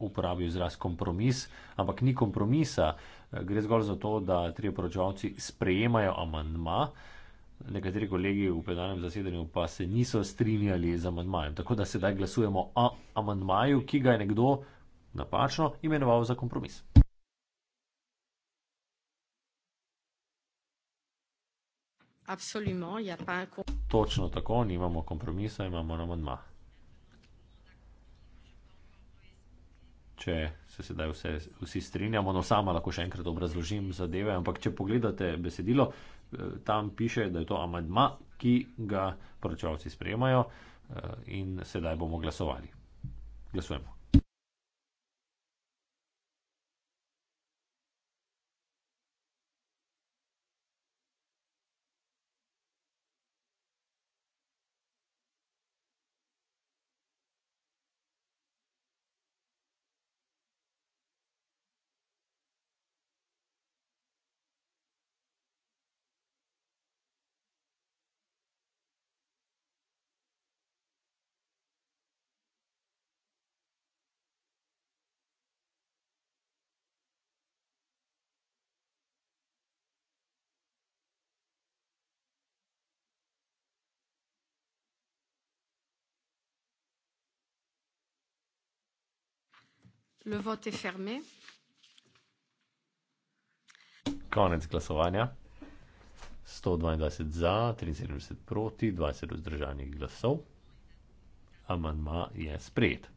uporabil izraz kompromis, ampak ni kompromisa, eh, gre zgolj za to, da tri poročevalci sprejemajo amandma, nekateri kolegi v plenarnem zasedanju pa se niso strinjali z amandmajem. Tako da sedaj glasujemo o amandmaju, ki ga je nekdo napačno imenoval za kompromis. Absolutno, ja, pa kako. Točno tako, nimamo kompromisa, imamo amandma. če se sedaj vse, vsi strinjamo, no sama lahko še enkrat obrazložim zadeve, ampak če pogledate besedilo, eh, tam piše, da je to amadma, ki ga poročevalci sprejemajo eh, in sedaj bomo glasovali. Glasujemo. Le vote est fermé. Konec glasovanja. 122 za, 73 proti, 20 vzdržanih glasov. Amandma je sprejet.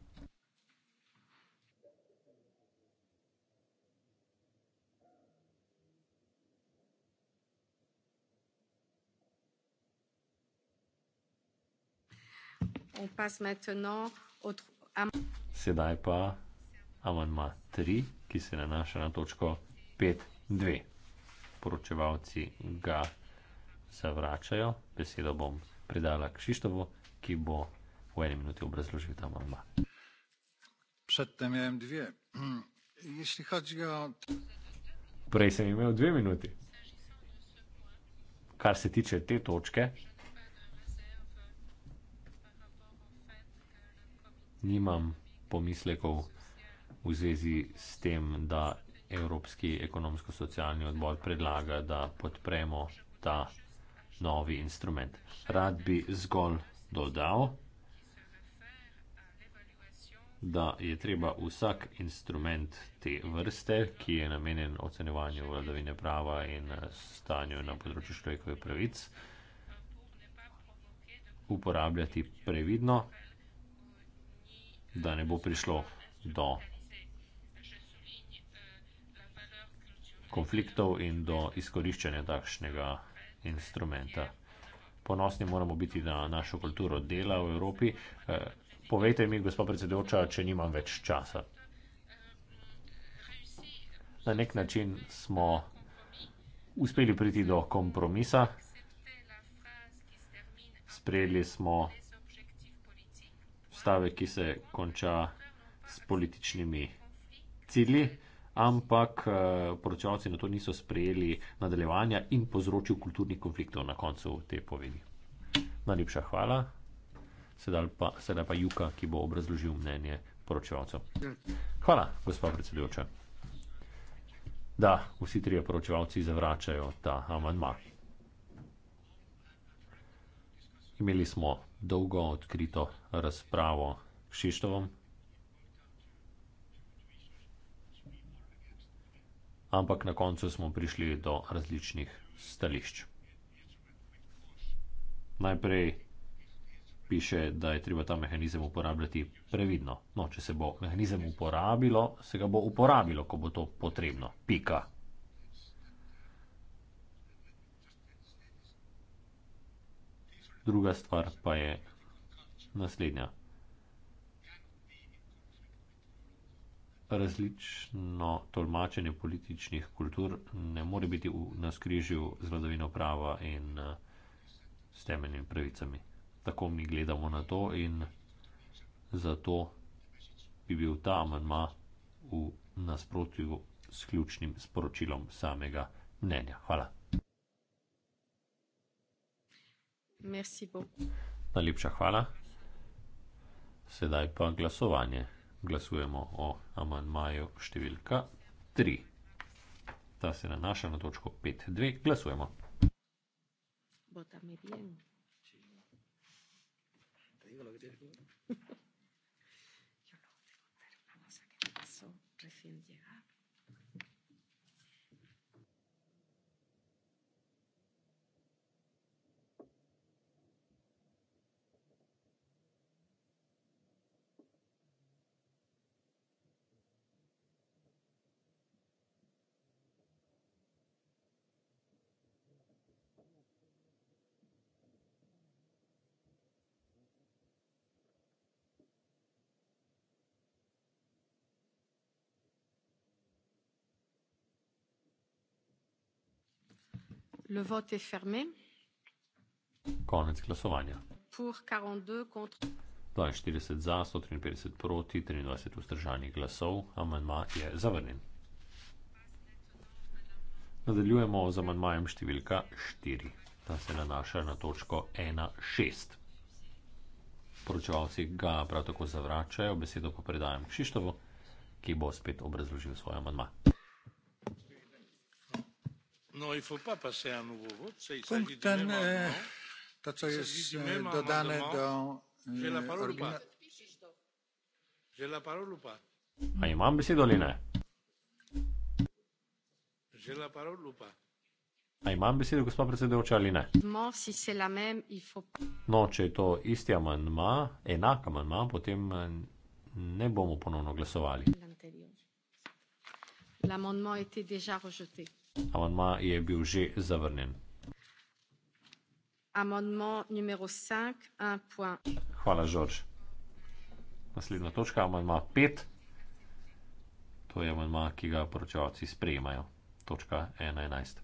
Sedaj pa amanma 3, ki se nanaša na točko 5.2. Poročevalci ga zavračajo, besedo bom predala Kšištovu, ki bo v eni minuti obrazložil ta amanma. Predtem imam dve. Ješli hači ga... Prej sem imel dve minuti. Kar se tiče te točke, nimam pomislekov, v zvezi s tem, da Evropski ekonomsko-socialni odbor predlaga, da podpremo ta novi instrument. Rad bi zgolj dodal, da je treba vsak instrument te vrste, ki je namenjen ocenjevanju vladavine prava in eh, stanju na področju človekovih pravic, uporabljati previdno, da ne bo prišlo do konfliktov in do izkoriščanja takšnega instrumenta. Ponosni moramo biti na našo kulturo dela v Evropi. Eh, povejte mi, gospod predsedujoča, če nimam več časa. Na nek način smo uspeli priti do kompromisa. Sprejeli smo stave, ki se konča s političnimi cilji ampak eh, poročavci na to niso sprejeli nadaljevanja in povzročil kulturnih konfliktov na koncu te povedi. Najlepša hvala, sedaj pa, sedaj pa Juka, ki bo obrazložil mnenje poročavcev. Hvala, gospod predsedujoča. Da, vsi trije poročavci zavračajo ta amandma. Imeli smo dolgo, odkrito razpravo s Šeštovom. ampak na koncu smo prišli do različnih stališč. Najprej piše, da je treba ta mehanizem uporabljati previdno. No, če se bo mehanizem uporabilo, se ga bo uporabilo, ko bo to potrebno. Pika. Druga stvar pa je naslednja. različno tolmačenje političnih kultur ne more biti v naskrižju z vladavino prava in eh, s temeljnimi pravicami. Tako mi gledamo na to in zato bi bil ta amandma v nasprotju s ključnim sporočilom samega mnenja. Hvala. Najlepša hvala. Sedaj pa glasovanje glasujemo o amandmaju številka 3. Ta se nanaša na točko 5.2. Glasujemo. Bota mi bien. Sí. Te digo lo que tienes que Le vote est fermé. Konec glasovanja. 42 za, 153 proti, 23 vzdržanih glasov. Amendma je zavrnjen. Nadaljujemo z amendmajem številka 4. Ta se nanaša na točko 1.6. Poročevalci ga prav tako zavračajo, besedo pa predajam Kšištovu, ki bo spet obrazložil svoj amendma. Punkten, to, co jest dodane do A nie mam besedo ali ne? A imam besedo, gospod predsedujoč, ali ne? No, če je to isti amandma, enak amandma, potem eh, ne bomo ponovno glasovali. L'amendement était déjà rejeté. Amandma je bil že zavrnjen. Hvala, Žorž. Naslednja točka, amandma 5. To je amandma, ki ga poročevalci sprejemajo. Točka 11.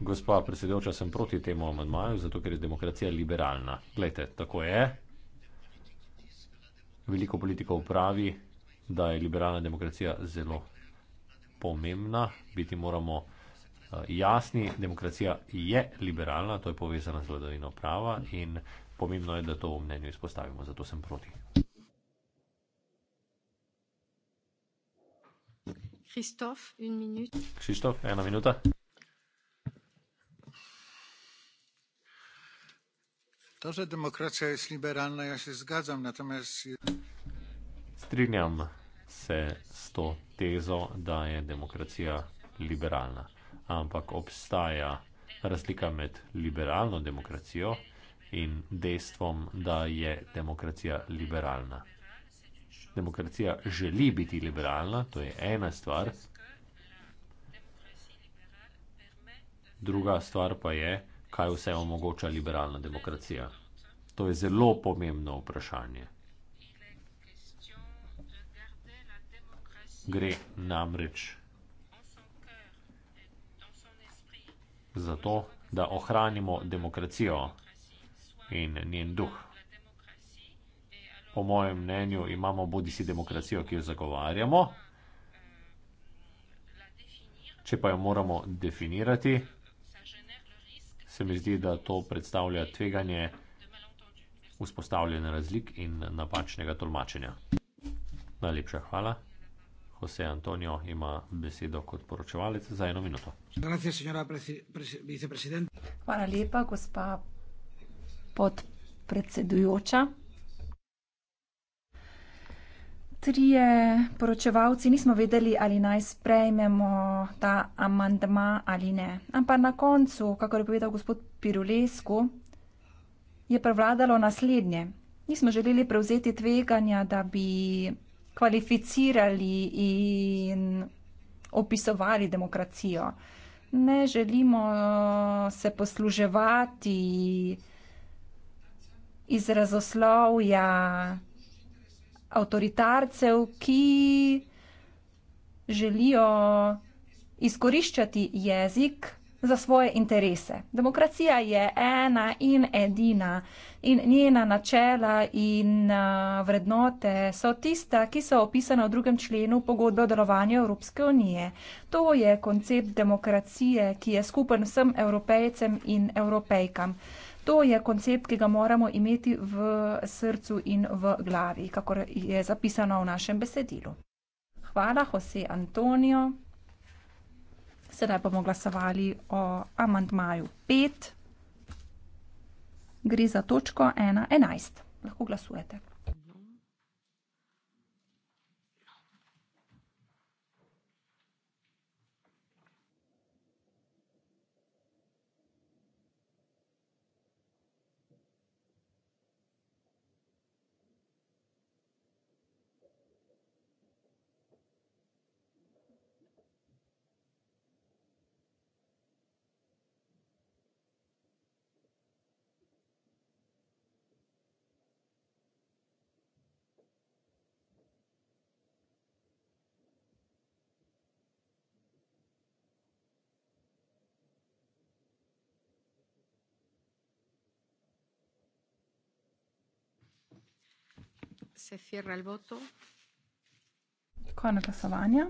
Gospa predsedujoča, sem proti temu amandmaju, zato ker je demokracija liberalna. Glejte, tako je veliko politikov pravi, da je liberalna demokracija zelo pomembna, biti moramo eh, jasni, demokracija je liberalna, to je povezana z vladavino prava in pomembno je, da to v mnenju izpostavimo, zato sem proti. Kristof, ena minuta. To, że demokracja jest liberalna, ja się zgadzam, natomiast. Strinjam se s to tezo, da je demokracija liberalna, ampak obstaja razlika med liberalno demokracijo in dejstvom, da je demokracija liberalna. Demokracija želi biti liberalna, to je ena stvar, druga stvar pa je, da kaj vse omogoča liberalna demokracija. To je zelo pomembno vprašanje. Gre namreč za to, da ohranimo demokracijo in njen duh. Po mojem mnenju imamo bodi si demokracijo, ki jo zagovarjamo, če pa jo moramo definirati, se mi zdi, da to predstavlja tveganje vzpostavljene razlik in napačnega tolmačenja. Najlepša hvala. José Antonio ima besedo kot poročevalec za eno minuto. Hvala lepa, gospa podpredsedujoča trije poročevalci nismo vedeli, ali naj sprejmemo ta amandma ali ne. Ampak na koncu, kako je povedal gospod Pirulesku, je prevladalo naslednje. Nismo želeli prevzeti tveganja, da bi kvalificirali in opisovali demokracijo. Ne želimo uh, se posluževati izrazoslovja avtoritarcev, ki želijo izkoriščati jezik za svoje interese. Demokracija je ena in edina in njena načela in vrednote so tista, ki so opisane v drugem členu pogodbe o delovanju Evropske unije. To je koncept demokracije, ki je skupen vsem evropejcem in evropejkam. To je koncept, ki ga moramo imeti v srcu in v glavi, kako je zapisano v našem besedilu. Hvala, Jose Antonijo. Sedaj bomo glasovali o amantmaju 5. Gre za točko 1.11. Lahko glasujete. Se cierra el voto. Konec glasovanja.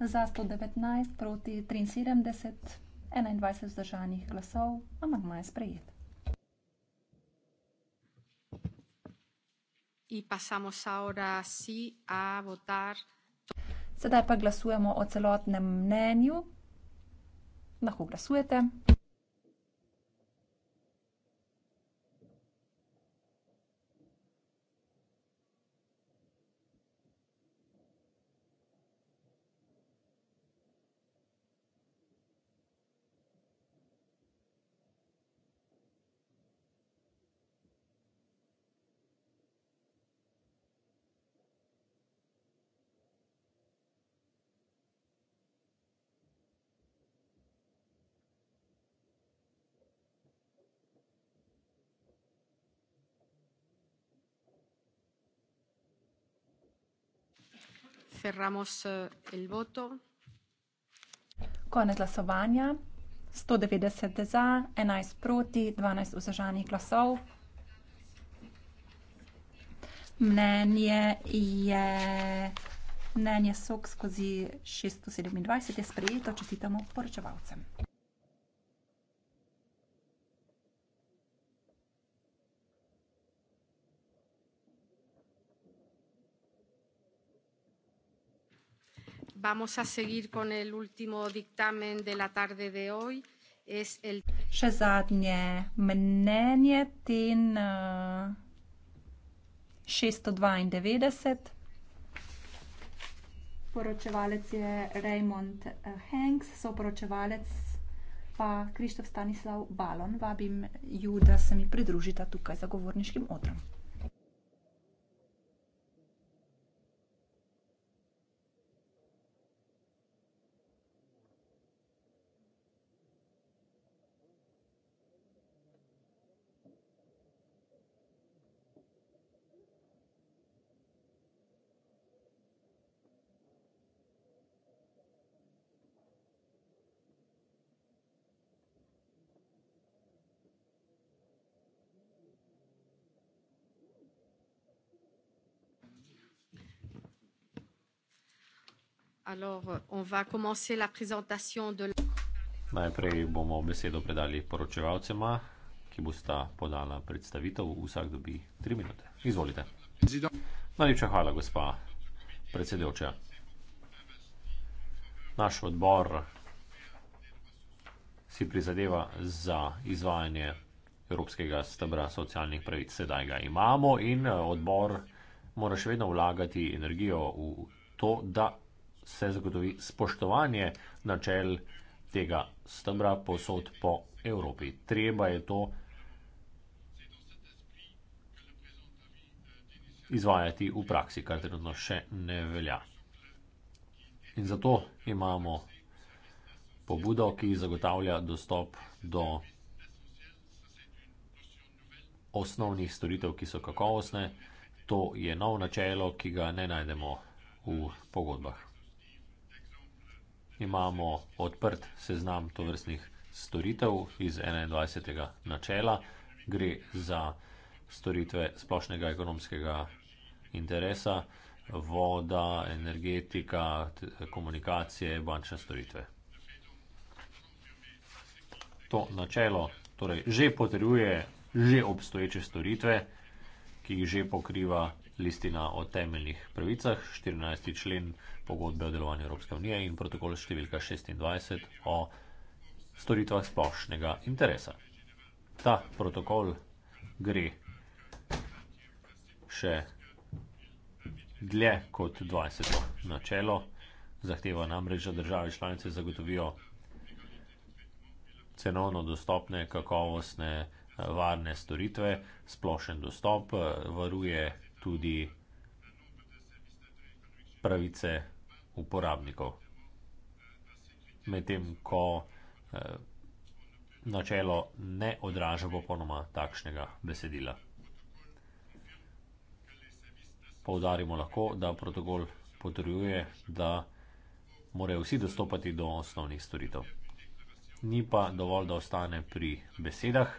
Za 119 proti 73, 21 vzdržanih glasov, amagma je sprejet. Sedaj pa glasujemo o celotnem mnenju. Lahko glasujete. Cerramos eh, el voto. Konec glasovanja. 190 za, 11 proti, 12 vzdržanih glasov. Mnenje je. Mnenje SOK skozi 627 je sprejeto, čestitamo poročevalcem. Vamos a seguir con el último dictamen de la tarde de hoy. Es el... Še zadnje mnenje, ten uh, eh, 692. Poročevalec je Raymond eh, Hanks, soporočevalec pa Krištof Stanislav Balon. Vabim ju, da se mi pridružite tukaj za govorniškim odrom. Alors, on va commencer la présentation de... Najprej bomo besedo predali poročevalcema, ki bosta podala predstavitev. Vsak dobi tri minute. Izvolite. Najlepša hvala, gospa predsedevča. Naš odbor si prizadeva za izvajanje Evropskega stebra socialnih pravic. Sedaj ga imamo in eh, odbor mora še vedno vlagati energijo v to, da se zagotovi spoštovanje načel tega stebra posod po Evropi. Treba je to izvajati v praksi, kar trenutno še ne velja. In zato imamo pobudo, ki zagotavlja dostop do osnovnih storitev, ki so kakovostne. To je novo načelo, ki ga ne najdemo v pogodbah imamo odprt seznam tovrstnih storitev iz 21. načela. Gre za storitve splošnega ekonomskega interesa, voda, energetika, komunikacije, bančne storitve. To načelo torej, že potrjuje že obstoječe storitve, ki jih že pokriva listina o temeljnih pravicah, 14. člen pogodbe o delovanju Evropske unije in protokol številka 26 o storitvah splošnega interesa. Ta protokol gre še dlje kot 20. načelo, zahteva namreč, da države članice zagotovijo cenovno dostopne, kakovostne, varne storitve, splošen dostop, varuje tudi pravice uporabnikov. Medtem ko eh, načelo ne odraža popolnoma takšnega besedila. Poudarimo lahko, da protokol potrjuje, da morajo vsi dostopati do osnovnih storitev. Ni pa dovolj, da ostane pri besedah,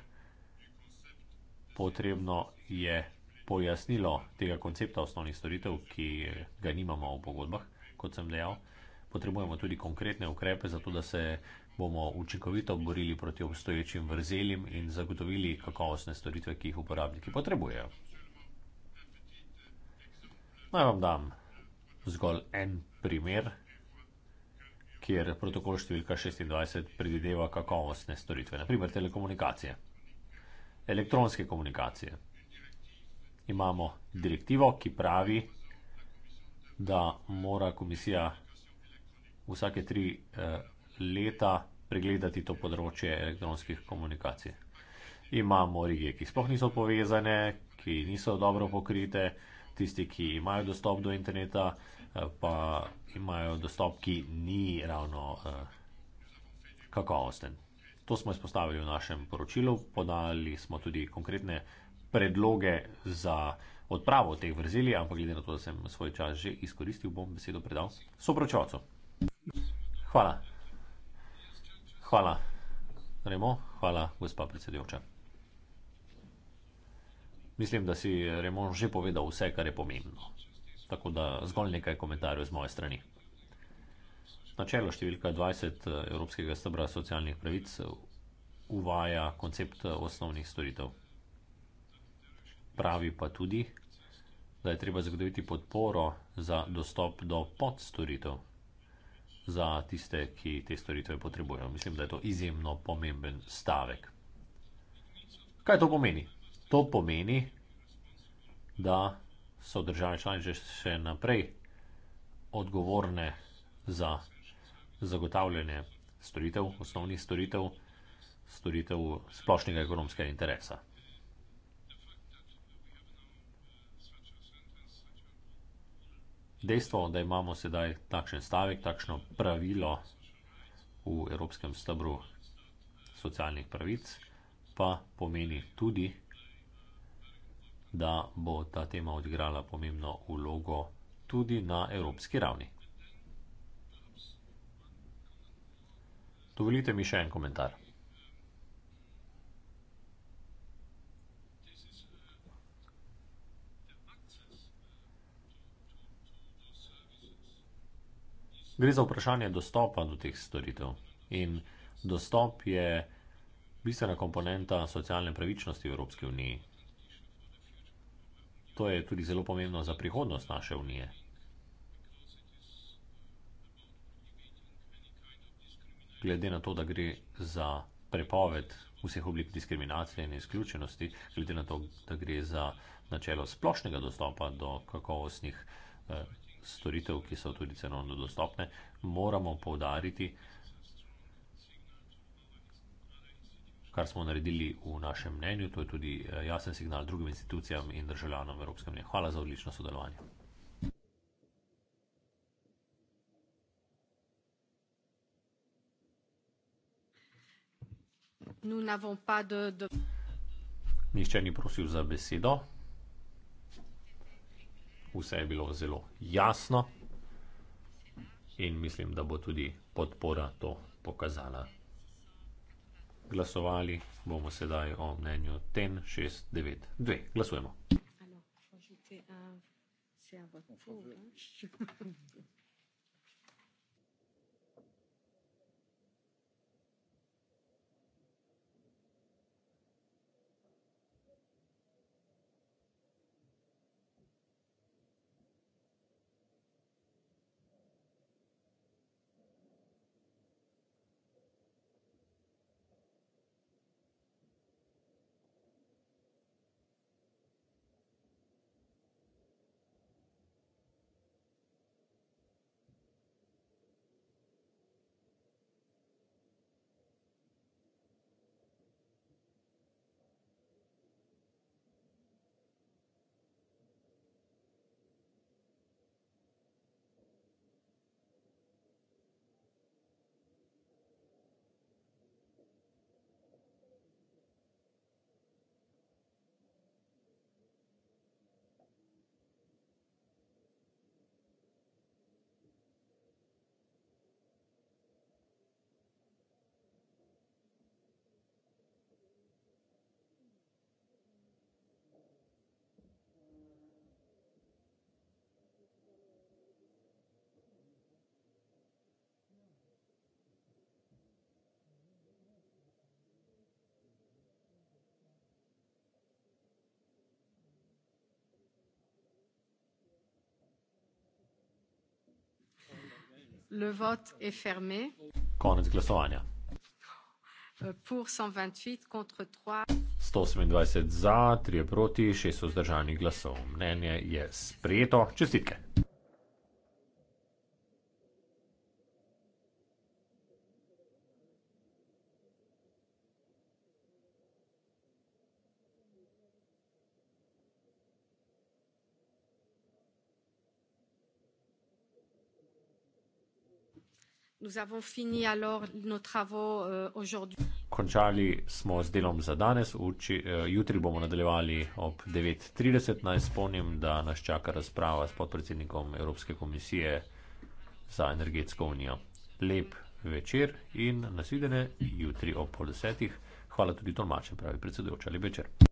potrebno je pojasnilo tega koncepta osnovnih storitev, ki ga nimamo v pogodbah, kot sem dejal. Potrebujemo tudi konkretne ukrepe, zato da se bomo učinkovito borili proti obstoječim vrzelim in zagotovili kakovostne storitve, ki jih uporabniki potrebujejo. Naj vam dam zgolj en primer, kjer protokol številka 26 predvideva kakovostne storitve, naprimer telekomunikacije, elektronske komunikacije imamo direktivo, ki pravi, da mora komisija vsake tri eh, leta pregledati to področje elektronskih komunikacij. Imamo regije, ki sploh niso povezane, ki niso dobro pokrite, tisti, ki imajo dostop do interneta, eh, pa imajo dostop, ki ni ravno eh, kakovosten. To smo izpostavili v našem poročilu, podali smo tudi konkretne informacije, predloge za odpravo teh vrzeli, ampak glede na to, da sem svoj čas že izkoristil, bom besedo predal sopročovcu. Hvala. Hvala. Remo, hvala, gospa predsedujoča. Mislim, da si Remo že povedal vse, kar je pomembno. Tako da zgolj nekaj komentarjev z moje strani. Načelo številka 20 eh, Evropskega stebra socialnih pravic uvaja koncept eh, osnovnih storitev pravi pa tudi, da je treba zagotoviti podporo za dostop do podstoritev za tiste, ki te storitve potrebujejo. Mislim, da je to izjemno pomemben stavek. Kaj to pomeni? To pomeni, da so države članice še naprej odgovorne za zagotavljanje storitev, osnovnih storitev, storitev splošnega ekonomskega interesa. dejstvo, da imamo sedaj takšen stavek, takšno pravilo v Evropskem stebru socialnih pravic, pa pomeni tudi, da bo ta tema odigrala pomembno vlogo tudi na evropski ravni. Dovolite mi še en komentar. Gre za vprašanje dostopa do teh storitev. In dostop je bistvena komponenta socialne pravičnosti v Evropski uniji. To je tudi zelo pomembno za prihodnost naše unije. Glede na to, da gre za prepoved vseh oblik diskriminacije in izključenosti, glede na to, da gre za načelo splošnega dostopa do kakovostnih eh, storitev, ki so tudi cenovno dostopne, moramo povdariti, kar smo naredili v našem mnenju, to je tudi eh, jasen signal drugim institucijam in državljanom Evropske unije. Hvala za odlično sodelovanje. Nihče ni prosil za besedo vse je bilo zelo jasno in mislim, da bo tudi podpora to pokazala. Glasovali bomo sedaj o mnenju TEN 692. Glasujemo. Alo, hožite, uh, konec glasovanja. sto osemindvajset za tri proti šest vzdržanih glasov mnenje je sprejeto čestitke Euh, Končali smo z delom za danes, Uči, eh, jutri bomo nadaljevali ob 9.30. Naj spomnim, da nas čaka razprava s podpredsednikom Evropske komisije za energetsko unijo. Lep večer in nasvidene jutri ob pol desetih. Hvala tudi tolmačem, pravi predsedujoča. Lep večer.